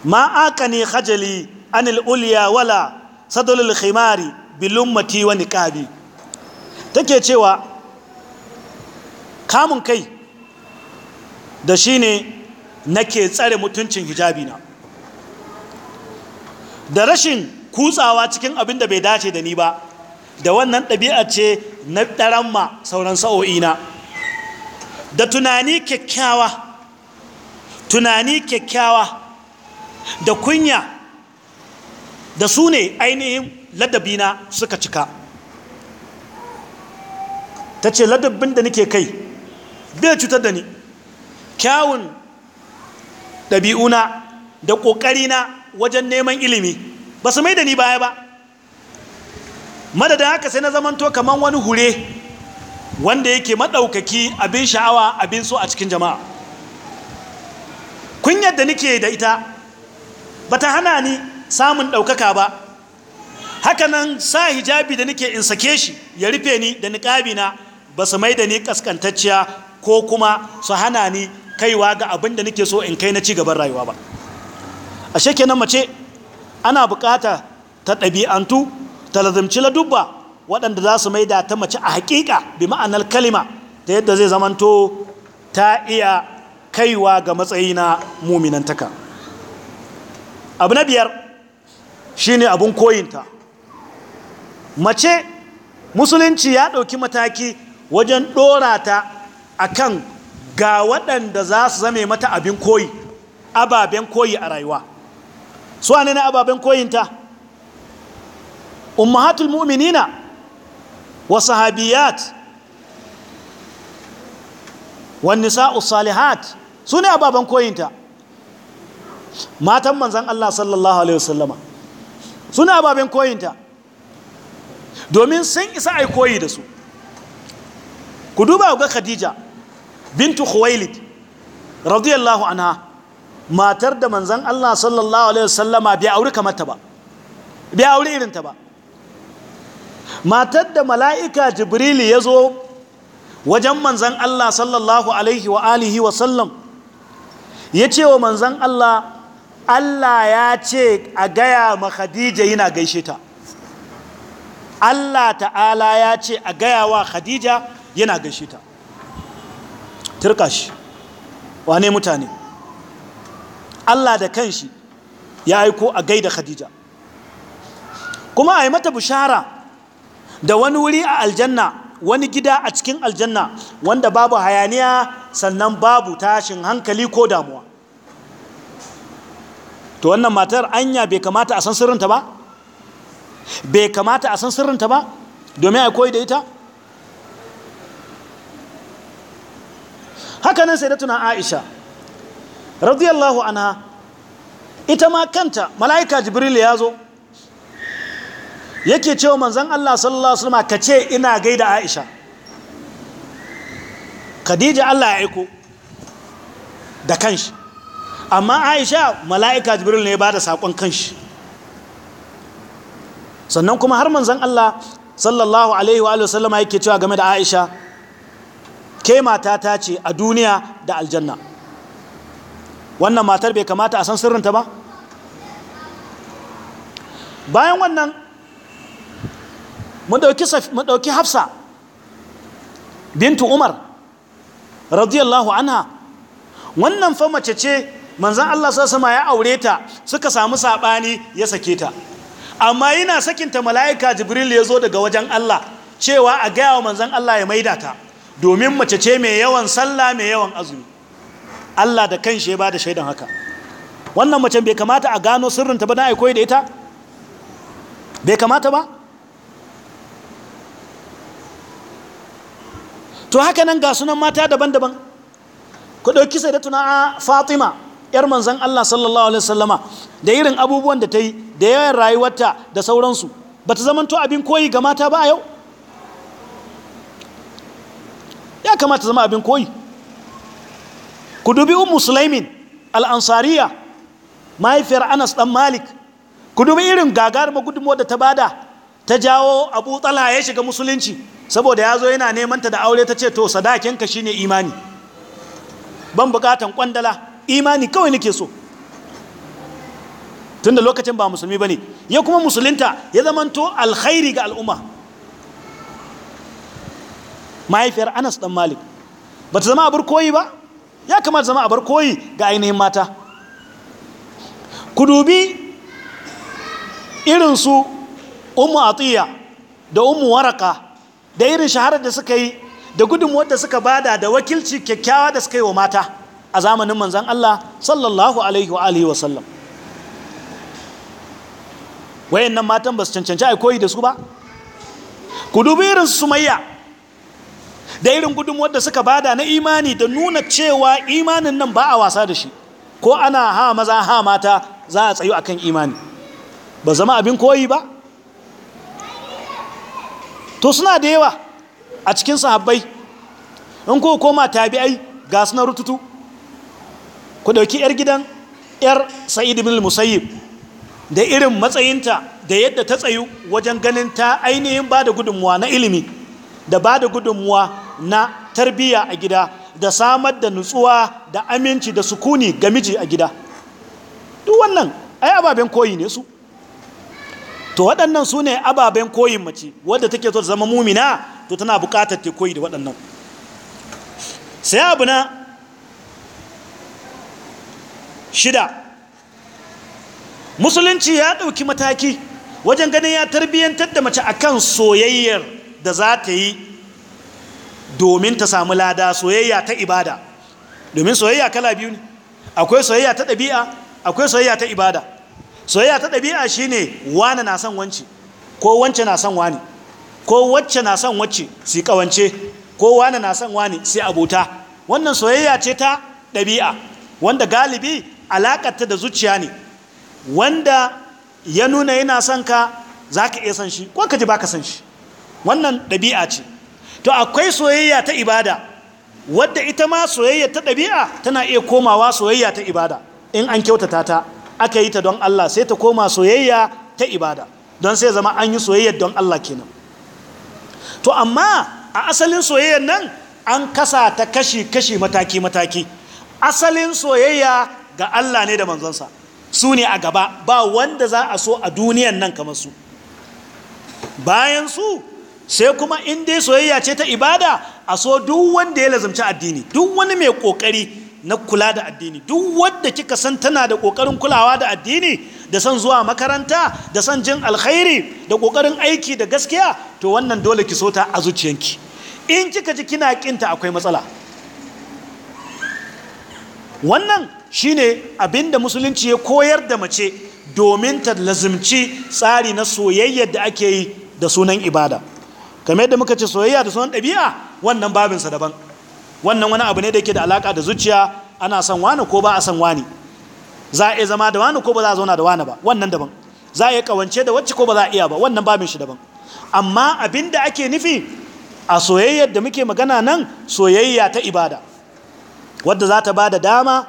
ma ni khajali anil ulya wala sadalul khimari bilummati wa niqabi take cewa kamun kai da shine nake tsare mutuncin hijabi na da rashin kutsawa cikin abin da bai dace da ni ba da wannan ɗabi'a ce na ɗarama sauran sa'o'ina da tunani kyakkyawa tunani kyakkyawa da kunya da su ne ainihin ladabina suka cika ta ce ladabin da nake kai bai cutar da ni kyawun ɗabi'una da ƙoƙarina wajen neman ilimi ba su mai da ni baya ba madadin haka sai na zamanto kaman wani hure wanda yake maɗaukaki abin sha'awa abin so a cikin jama'a kunyar da nake da ita bata hana ni samun ɗaukaka ba Haka nan, sa hijabi da nake in sake shi ya rufe ni da niƙabina na ba su mai da ni ƙasƙantacciya ko kuma su hana ni kaiwa ga abin da nake so in kai na ci gaban rayuwa ba ashe kenan mace ana bukata ta ɗabi'antu talazimci la dubba waɗanda za su maida ta mace a haƙiƙa bi ma'anar kalima ta yadda zai zamanto ta iya kaiwa ga matsayi na muminantaka abu na biyar shi ne abin koyinta mace musulunci ya ɗauki mataki wajen ɗora ta a kan ga waɗanda za su zame mata abin koyi ababen koyi a rayuwa su ne na ababen koyinta ummahatul mu'minina wa sahabiyat wa nisa'u salihat su ne ababen koyinta matan manzan Allah sallallahu alaihi wasallama su ne ababen koyinta domin san isa ai koyi da su ku duba ga khadija bintu khuwailid radiyallahu anha matar da manzan Allah sallallahu alaihi wasallama bai aure kamar ta ba bai aure irin ta ba matar da mala'ika jibrili ya zo wajen manzan Allah sallallahu alaihi wa alihi wa sallam ya ce wa manzan Allah Allah ya ce a gaya ma Khadija yana gaishe ta Allah ta'ala ya ce a gaya wa Khadija yana gaishe ta turka shi wane mutane Allah da kanshi ya aiko a gaida Khadija kuma a yi mata bishara da wani wuri a aljanna wani gida a cikin aljanna wanda babu hayaniya sannan babu tashin hankali ko damuwa to wannan matar anya bai kamata a san sirrinta ba bai kamata a san sirrinta ba domin a koyi da ita hakanan sai da tuna aisha radiyallahu anha ita ma kanta mala'ika jibril ya zo yake cewa manzon Allah sallallahu alaihi wasallam kace ina gaida Aisha Khadija Allah ya aiko da kanshi amma Aisha mala'ika Jibril ne ya bada sakon kanshi sannan kuma har manzon Allah sallallahu alaihi wa yake cewa game da Aisha ke mata ta ce a duniya da aljanna wannan matar bai kamata a san sirrinta ba bayan wannan mun ɗauki hafsa bintu umar radiyallahu anha wannan fa mace ce manzan Allah sama ya aure ta suka samu saɓani ya sake ta amma yana sakinta mala'ika jibril ya zo daga wajen Allah cewa a gaya wa manzan Allah ya maida ta domin mace ce mai yawan sallah mai yawan azumi Allah da kanshi ya ba shaidan haka wannan mace bai kamata a gano sirrinta ba na aiko da ita bai kamata ba to haka nan ga sunan mata daban-daban ku ɗauki sai da tuna a fatima yar manzan allah sallallahu alaihi wasallama da irin abubuwan da ta yi da yawan rayuwarta da sauransu ba ta zamanto abin koyi ga mata ba a yau ya kamata zama abin koyi ku dubi un musulmin al'ansariya mahaifiyar anas Dan malik ku dubi irin gagarumar gudunmuwar da ta bada ta jawo abu tsala ya shiga musulunci saboda ya zo yana neman ta da aure ta ce to sadakin ka shine imani ban bukatan kwandala imani kawai nake so tunda lokacin ba musulmi bane ya kuma musulunta ya zamanto alkhairi ga al'umma mahaifiyar Anas dan Malik bata zama abar koyi ba ya kamata zama abar koyi ga ainihin mata ku dubi irin su ummu atiya da ummu waraka da irin shaharar da suka yi da gudunmuwar da suka bada da wakilci kyakkyawa da suka yi wa mata a zamanin manzan Allah sallallahu alaihi wa alihi wasallam wayannan matan ba su cancanci a koyi da su ba ku dubi irin sumayya da irin gudunmuwar da suka bada na imani da nuna cewa imanin nan ba a wasa da shi ko ana ha maza ha mata za a tsayo akan imani ba zama abin koyi ba to suna da yawa a cikin sahabbai in ko koma tabi'ai ga suna rututu ku dauki yar gidan yar sa'id ibn musayyib da irin matsayinta da yadda ta tsayu wajen ganin ta ainihin ba da gudunmuwa na ilimi da ba da gudunmuwa na tarbiyya a gida da samar da nutsuwa da aminci da sukuni ga miji a gida duk wannan ai ababen koyi ne su to waɗannan su ne ababen koyin mace wadda take so zama mumina to tana buƙatar ta koyi da waɗannan sai abu na shida musulunci ya ɗauki mataki wajen ganin ya tarbiyyantar da mace akan soyayyar da za ta yi domin ta samu lada soyayya ta ibada domin soyayya kala biyu ne akwai soyayya ta ɗabi'a akwai soyayya ta ibada soyayya ta ɗabi'a shine wani na son wance ko wance na son wani ko wacce na son wacce si kawance ko wani na son wani si abota wannan soyayya ce ta ɗabi'a wanda galibi alakarta da zuciya ne wanda ya nuna yana son ka za ka iya son shi ko ka ji ba ka son shi wannan ɗabi'a ce to akwai soyayya ta ibada wadda ita ma soyayya ta ɗabi'a tana iya komawa soyayya ta ibada in an kyautata ta aka yi ta don Allah sai ta koma soyayya ta ibada don sai zama an yi soyayyar don Allah kenan to amma a asalin soyayyar nan an kasa ta kashi-kashi mataki-mataki asalin soyayya ga Allah ne da manzonsa su ne a gaba ba wanda za a so a duniyan nan kamar su bayan su sai kuma in dai soyayya ce ta ibada a so duk wanda ya lazumci addini duk wani mai kokari na kula da addini duk wadda kika san tana da ƙoƙarin kulawa da addini da san zuwa makaranta da san jin alkhairi da ƙoƙarin aiki da gaskiya to wannan dole ki so ta a zuciyanki in kika ji kina ƙinta akwai matsala wannan shine abinda musulunci ya koyar da mace domin ta lazimci tsari na soyayyar da ake yi da sunan ibada kamar yadda muka ce soyayya da sunan ɗabi'a wannan babinsa daban wannan wani abu ne da yake da alaka da zuciya ana san wani ko ba a san wani za a zama da wani ko ba za a zauna da wani ba wannan daban za a iya kawance da wacce ko ba za a iya ba wannan babin shi daban amma abin da ake nufi a soyayyar da muke magana nan soyayya ta ibada wadda za ta ba da dama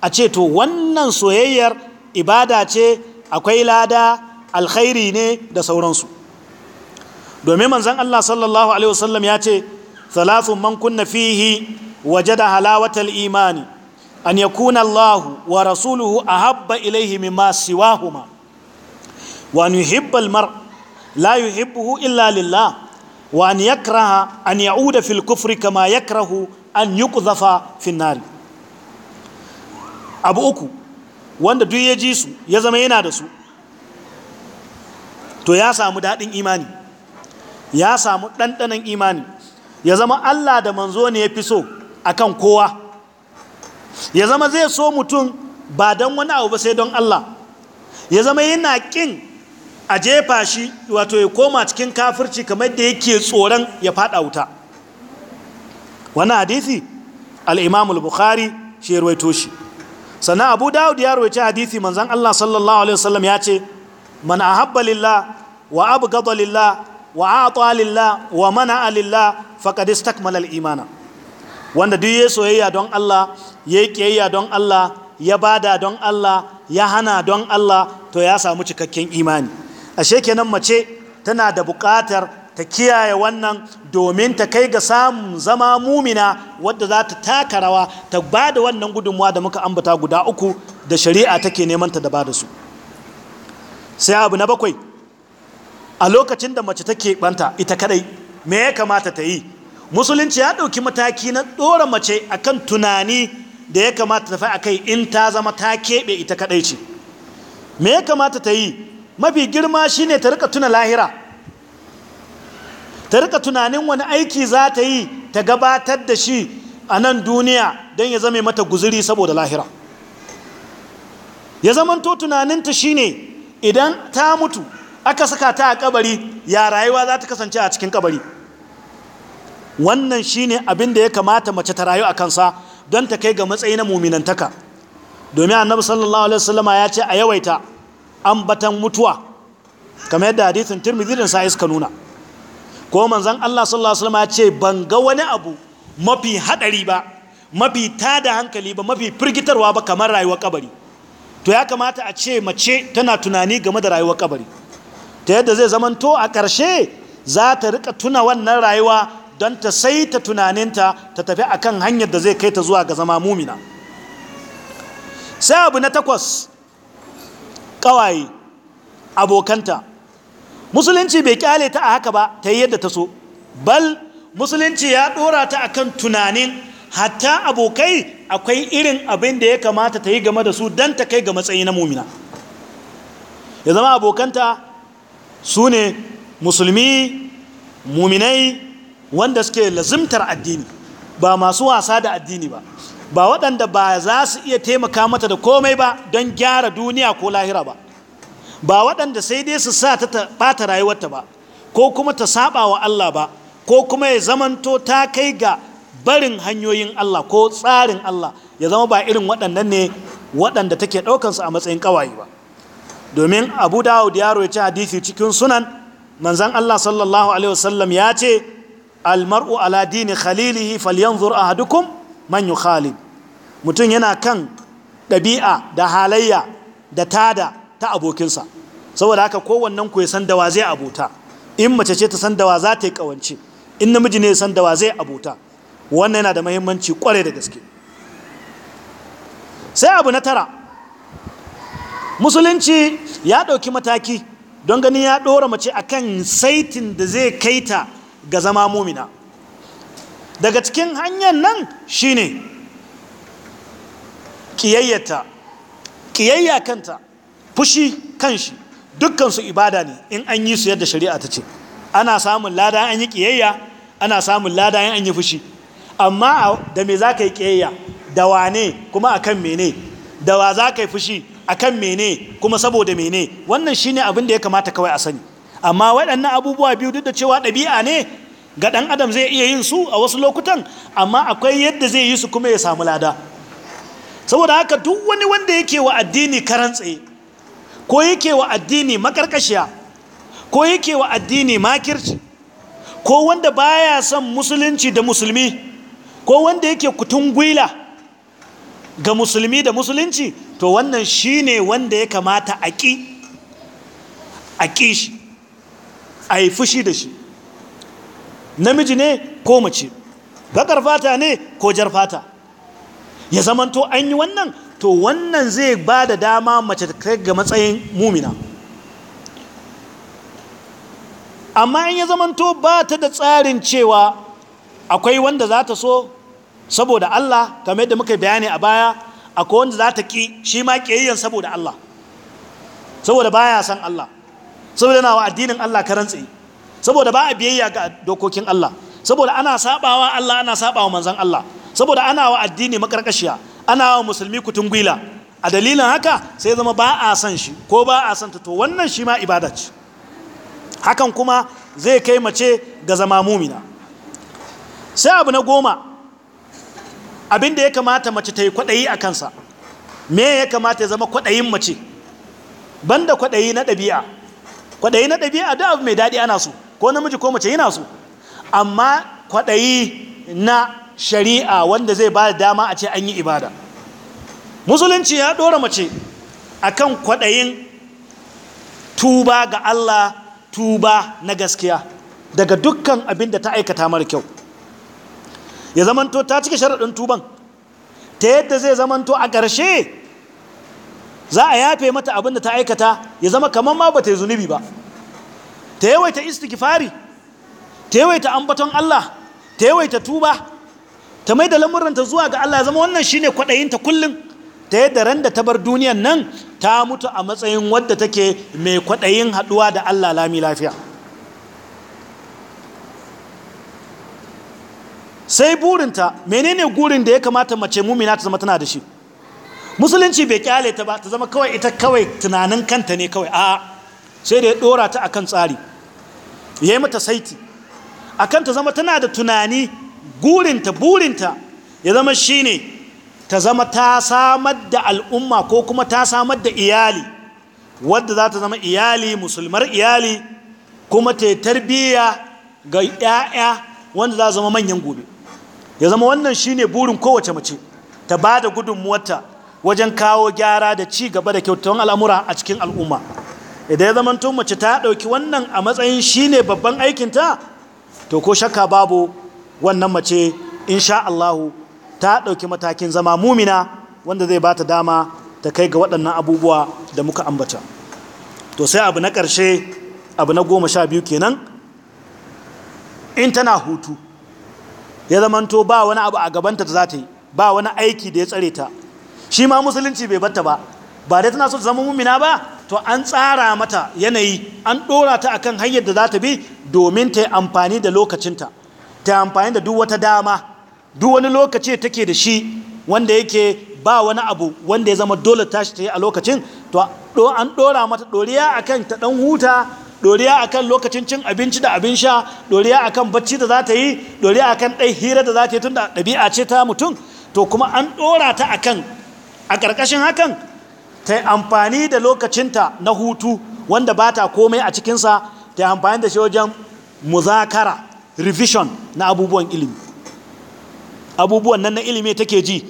a ce to wannan soyayyar ibada ce akwai lada alkhairi ne da sauransu domin manzan Allah sallallahu Alaihi wasallam ya ce ثلاث من كن فيه وجد حلاوة الإيمان أن يكون الله ورسوله أحب إليه مما سواهما وأن يحب المرء لا يحبه إلا لله وأن يكره أن يعود في الكفر كما يكره أن يقذف في النار abu uku wanda duk ya ji su ya zama yana da su to ya samu daɗin imani ya samu ɗanɗanon imani ya zama Allah da manzo ne ya fi so a kan kowa ya zama zai so mutum ba don wani abu ba sai don Allah ya zama yana ƙin a jefa shi wato ya koma cikin kafirci kamar da yake tsoron ya fada wuta wani hadithi al'imamul bukhari shi ya ruwaito shi sannan abu dawud ya ruwaito hadithi manzan Allah sallallahu alaihi wasallam ya ce man a habbalilla wa abu lillah wa a lillah wa mana lillah Faƙadistak malal imana wanda duk ya soyayya don Allah ya kiyayya don Allah ya bada don Allah ya hana don Allah to ya samu cikakken imani ashe kenan mace tana da buƙatar ta kiyaye wannan domin ta kai ga samun zama mumina wadda za ta taka rawa ta ba da wannan gudunmuwa da muka ambata guda uku da shari'a take neman ta da ba da su sai abu na bakwai a lokacin da mace take banta ita kadai me ya kamata ta yi musulunci ya ɗauki mataki na ɗora mace akan tunani da ya kamata ta fi akai in ta zama ta keɓe ita kaɗai ce me ya kamata ta yi mafi girma shine ta rika tuna lahira ta rika tunanin wani aiki za ta yi ta gabatar da shi a nan duniya don ya zame mata guzuri saboda lahira ya zamanto tunaninta shine idan ta mutu aka saka ta a kabari ya rayuwa za ta kasance a cikin kabari wannan shine abin da ya kamata mace ta rayu a kansa don ta kai ga matsayi na muminantaka domin annabi sallallahu alaihi wasallama ya ce a yawaita ambatan mutuwa kamar yadda hadithin tirmidhi din sa iska nuna ko manzon Allah sallallahu alaihi wasallama ya ce ban ga wani abu mafi hadari ba mafi tada hankali ba mafi firgitarwa ba kamar rayuwar kabari to ya kamata a ce mace tana tunani game da rayuwar kabari ta yadda zai zamanto a ƙarshe za ta rika tuna wannan rayuwa don ta saita tunaninta ta tafi akan hanyar da zai kai ta zuwa ga zama mumina sai abu na takwas ƙawaye abokanta musulunci bai kyale ta a haka ba ta yi yadda ta so bal musulunci ya ɗora ta akan tunanin hatta abokai akwai irin abin da ya kamata ta yi game da su don ta kai ga matsayi na mumina ya zama abokanta su ne musulmi muminai wanda suke lazimtar addini ba masu wasa da addini ba ba waɗanda ba za su iya taimaka mata da komai ba don gyara duniya ko lahira ba ba waɗanda sai dai su sa ta ɓata rayuwarta ba ko kuma ta saba wa Allah ba ko kuma ya zamanto ta kai ga barin hanyoyin Allah ko tsarin Allah ya zama ba irin waɗannan ne waɗanda take ɗaukansu a matsayin ƙawaye ba domin abu dawud ya roci hadisi cikin sunan manzan allah sallallahu alaihi wasallam ya ce almar'u ala dini khalilihi falyanzur ahadukum man yukhalil mutum yana kan ɗabi'a da halayya da tada ta abokinsa saboda haka kowannen ku ya san da wa zai abota in mace ce ta san da wa za ta yi kawance in namiji ne ya san da wa zai abota wannan yana da muhimmanci kwarai da gaske sai abu na tara musulunci ya ɗauki mataki don gani ya ɗora mace akan saitin da zai kai ta ga zama mumina daga cikin hanyar nan shine ƙiyayyata ƙiyayya kanta fushi kan shi. dukkansu ibada ne in an yi su yadda shari'a ta ce ana samun lada an yi ƙiyayya ana samun lada an yi fushi amma da me za ka yi ƙiyayya da wane kuma a akan mene da wa za ka yi fushi akan mene kuma saboda mene wannan shine abin da ya kamata kawai a sani amma waɗannan abubuwa biyu duk da cewa ɗabi'a ne ga ɗan adam zai iya yin su a wasu lokutan amma akwai yadda zai yi su kuma ya samu lada saboda haka duk wani wanda yake wa addini karan tsaye ko yake wa addini makarkashiya ko yake wa addini makirci ko wanda baya son musulunci da musulmi ko wanda yake kutun gwila ga musulmi da musulunci to wannan shi ne wanda ya kamata a ƙi shi a yi fushi da shi namiji ne ko mace bakar fata ne ko jar fata ya zamanto an yi wannan to wannan zai ba da dama mace da kai ga matsayin mumina amma in ya zamanto ba ta da tsarin cewa akwai wanda za ta so saboda Allah kamar yadda muka bayani a baya akwai wanda za ta ƙi shi ma ƙiyayyen saboda Allah saboda ba ya san Allah saboda na wa addinin Allah karantsi saboda ba a biyayya ga dokokin Allah saboda ana sabawa Allah ana sabawa manzan Allah saboda ana wa addini makarkashiya ana wa musulmi kutun gwila a dalilin haka sai zama ba a san shi ko ba a san ta to wannan shi ma ibada ce hakan kuma zai kai mace ga zama mumina sai abu na goma abin da ya kamata mace ta yi kwaɗayi a kansa me ya kamata ya zama kwaɗayin mace banda kwaɗayi na ɗabi'a kwaɗayi na ɗabi'a da abu mai daɗi ana so ko namiji ko mace yana so amma kwaɗayi na shari'a wanda zai ba da dama a ce an yi ibada musulunci ya ɗora mace a kan kwaɗayin tuba ga Allah tuba na gaskiya daga dukkan abin da ta aikata mara kyau ya zamanto ta cika sharaɗin tuban ta yadda zai zamanto a ƙarshe za a yafe mata abin da ta aikata ya zama kamar ma ba ta yi zunubi ba ta yawaita istighfari ta yawaita ambaton Allah ta yawaita tuba ta mai da lamuranta zuwa ga Allah ya zama wannan shi ne kwaɗayinta kullum ta yadda ran da ta bar duniyan nan ta mutu a matsayin wadda take mai kwaɗayin haɗuwa da Allah lami lafiya sai burinta menene gurin da ya kamata mace mumina ta zama tana da shi musulunci bai kyale ta ba ta zama kawai ita kawai tunanin kanta ne kawai a sai da ya dora ta akan tsari ya yi mata saiti akan ta zama tana da tunani gurinta burinta ya zama shine ta zama ta samar da al'umma ko kuma ta samar da iyali wadda za ta zama iyali musulmar iyali kuma ta tarbiyya ga 'ya'ya wanda za zama manyan gobe ya zama wannan shine burin kowace mace ta ba da gudunmuwarta wajen kawo gyara da ci gaba da kyautawan al'amura a cikin al'umma idan ya zama tun mace ta ɗauki wannan a matsayin shine babban aikinta to ko shakka babu wannan mace insha Allahu ta ɗauki matakin zama mumina wanda zai ba ta dama ta kai ga waɗannan abubuwa da muka ambata to sai abu na ƙarshe abu na goma sha biyu kenan in tana hutu ya zamanto ba wani abu a gabanta da za ta yi ba wani aiki da ya tsare ta shi ma musulunci bai batta ba ba dai tana so ta zama mumina ba to an tsara mata yanayi an ɗora ta akan hanyar da za ta bi domin ta yi amfani da lokacinta ta amfani da duk wata dama duk wani lokaci take da shi wanda yake ba wani abu wanda ya zama dole tashi ta yi a lokacin to an ɗora mata ɗoriya akan ta ɗan huta doriya akan lokacin cin abinci da abin sha doriya akan bacci da za ta yi doriya akan ɗai hira da za ta yi tun da ɗabi'a ce ta mutum to kuma an ɗora ta akan a ƙarƙashin hakan ta yi amfani da lokacinta na hutu wanda ba ta komai a cikinsa ta yi amfani da shi wajen muzakara revision na abubuwan ilimi abubuwan nan na ilimi take ji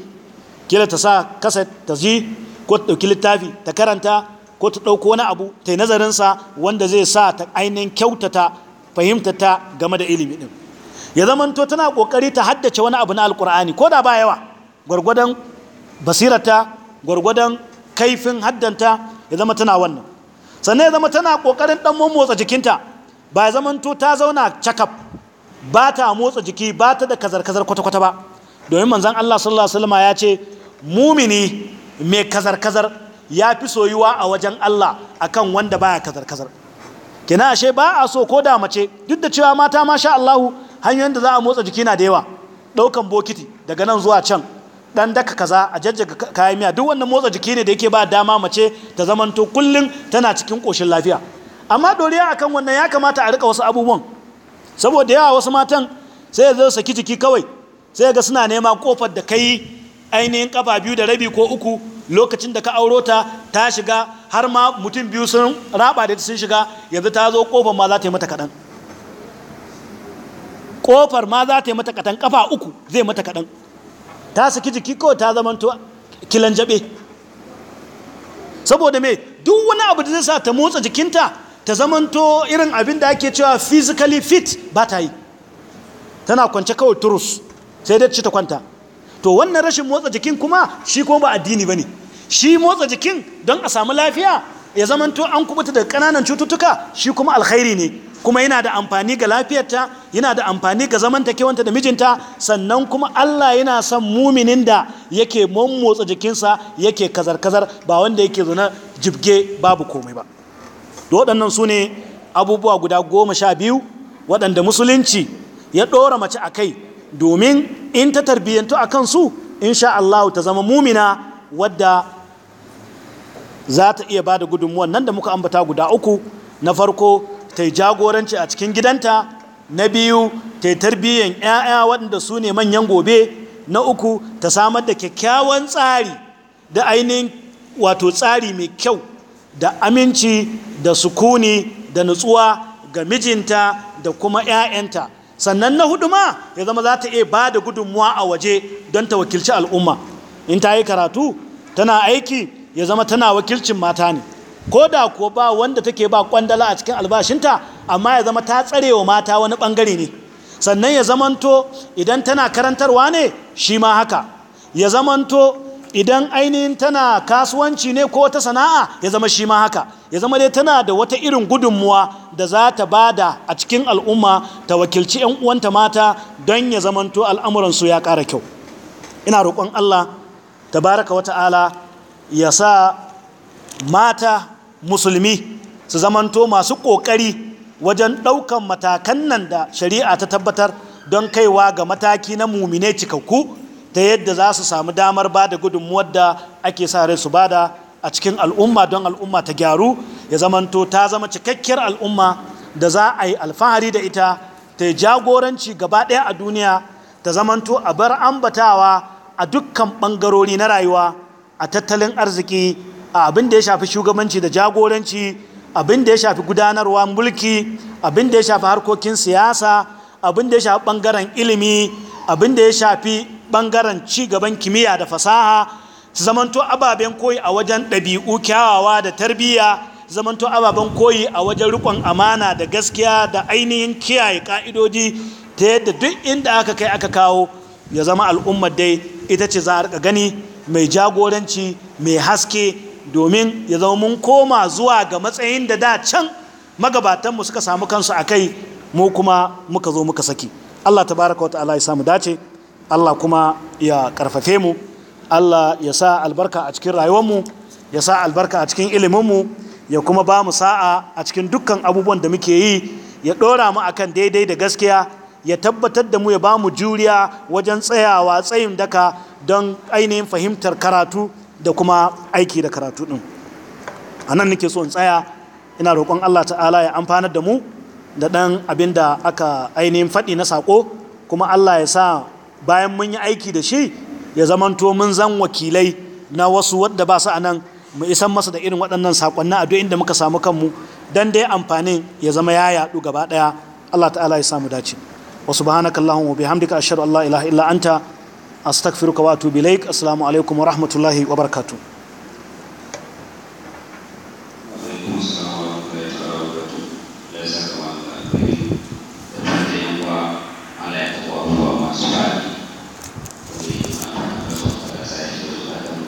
kila ta sa kasa ta ji ko ta ɗauki littafi ta karanta ko ta ɗauko wani abu ta yi nazarinsa wanda zai sa ta ainihin kyautata fahimta ta game da ilimi ɗin ya zamanto tana ƙoƙari ta haddace wani abu na alƙur'ani ko da ba yawa gwargwadon basirata gwargwadon kaifin haddanta ya zama tana wannan sannan ya zama tana ƙoƙarin ɗan motsa jikinta ba ya zamanto ta zauna cakaf ba ta motsa jiki ba ta da kazar-kazar kwata-kwata ba domin manzan Allah sallallahu Alaihi wasallama ya ce mumini mai kazar-kazar ya fi soyuwa a wajen Allah akan wanda baya kazar kazar kina ashe ba a so ko da mace duk da cewa mata ma sha Allahu hanyoyin da za a motsa jiki na da yawa Ɗaukan bokiti daga nan zuwa can dan daka kaza a jajjaga kayan miya duk wannan motsa jiki ne da yake ba dama mace ta zamanto kullum tana cikin koshin lafiya amma doriya akan wannan ya kamata a rika wasu abubuwan saboda yawa wasu matan sai ya zo saki jiki kawai sai ga suna neman kofar da kai ainihin kafa biyu da rabi ko uku lokacin da ka auro ta ta shiga har ma mutum biyu sun raba da sun shiga yanzu ta zo kofar ma za ta yi mata kaɗan kofar ma za ta yi mata kaɗan ƙafa uku zai mata kaɗan ta saki jiki ko ta zama kilan jabe saboda me duk wani abu da zai sa ta motsa jikinta ta zamanto irin abin da ake cewa physically fit ba ta yi tana kwance kawai turus sai dai ci ta kwanta to wannan rashin motsa jikin kuma shi kuma ba addini ba ne shi motsa jikin don a samu lafiya ya zamanto an kubuta da kananan cututtuka shi kuma alkhairi ne kuma yana da amfani ga lafiyarta yana da amfani ga zamantakewanta da mijinta sannan kuma Allah yana son muminin da yake motsa jikinsa yake kazar-kazar ba wanda yake zuna jibge babu komai ba waɗannan su ne abubuwa guda goma sha biyu waɗanda musulunci ya ɗora mace a kai domin in ta tarbiyyantu a kansu insha Allah ta zama mumina wadda za ta iya ba da gudunmuwan nan da muka ambata guda uku na farko ta yi jagoranci a cikin gidanta na biyu ta yi tarbiyyan 'ya'ya waɗanda su ne manyan gobe na uku ta samar da kyakkyawan tsari da ainihin wato tsari mai kyau da aminci da sukuni da nutsuwa ga mijinta da kuma 'ya'yanta sannan na hudu ma ya zama za ta iya ba da gudunmuwa a waje don ta wakilci al'umma in ta yi karatu tana aiki ya zama tana wakilcin mata ne ko da ko ba wanda take ba kwandala a cikin albashinta amma ya zama ta tsare wa mata wani bangare ne sannan ya zamanto idan tana karantarwa ne shi ma haka ya zamanto idan ainihin tana kasuwanci ne ko ta sana'a ya zama shi ma haka ya zama dai tana da wata irin gudunmuwa da za ta bada a cikin al'umma ta wakilci 'yan uwanta mata don ya zamanto al'amuransu ya ƙara kyau ina roƙon allah tabaraka wata'ala ya sa mata musulmi su zamanto masu ƙoƙari wajen ɗaukan matakan nan da shari'a ta tabbatar don kaiwa ga mataki na mumine cikakku ta yadda za su samu damar ba da gudunmuwar da ake sa rai su ba da a cikin al'umma don al'umma ta gyaru ya zamanto ta zama cikakkiyar al'umma da za a yi alfahari da ita ta yi jagoranci gaba ɗaya a duniya ta zamanto a bar ambatawa a dukkan ɓangarori na rayuwa a tattalin arziki a abin da ya shafi shugabanci da jagoranci abin da ya shafi gudanarwa mulki abin da ya shafi harkokin siyasa abin da ya shafi ɓangaren ilimi abin da ya shafi ɓangaren gaban kimiyya da fasaha su zamanto ababen koyi a wajen ɗabi'u kyawawa da tarbiyya zamanto ababen koyi a wajen rikon amana da gaskiya da ainihin kiyaye ka'idoji ta yadda duk inda aka kai aka kawo ya zama al'umma dai ita ce za a gani mai jagoranci mai haske domin ya zama mun koma zuwa ga matsayin da da can magabatanmu suka samu kansu a kai mu kuma muka zo muka saki allah tabaraka wa ta'ala ya samu dace Allah kuma ya karfafe mu Allah ya sa albarka a cikin rayuwarmu ya sa albarka a cikin iliminmu ya kuma ba mu sa'a a cikin dukkan abubuwan da muke yi ya ɗora mu akan daidai da gaskiya ya tabbatar da mu ya ba mu juriya wajen tsayawa tsayin daka don ainihin fahimtar karatu da kuma aiki da karatu ɗin a nan nake so in tsaya ina roƙon allah ta'ala ya amfanar da mu da ɗan abin da aka ainihin faɗi na saƙo kuma allah ya sa bayan mun yi aiki da shi ya zamanto mun zan wakilai na wasu wadda ba su anan mu isan masa da irin waɗannan sakonni a duk inda muka samu kanmu dan dai amfanin ya zama ya yaɗu gaba ɗaya Allah ta'ala ya samu dace wa subhanakallahumma wa bihamdika ashhadu an la ilaha illa anta astaghfiruka wa atubu ilaik assalamu alaikum wa rahmatullahi wa barakatuh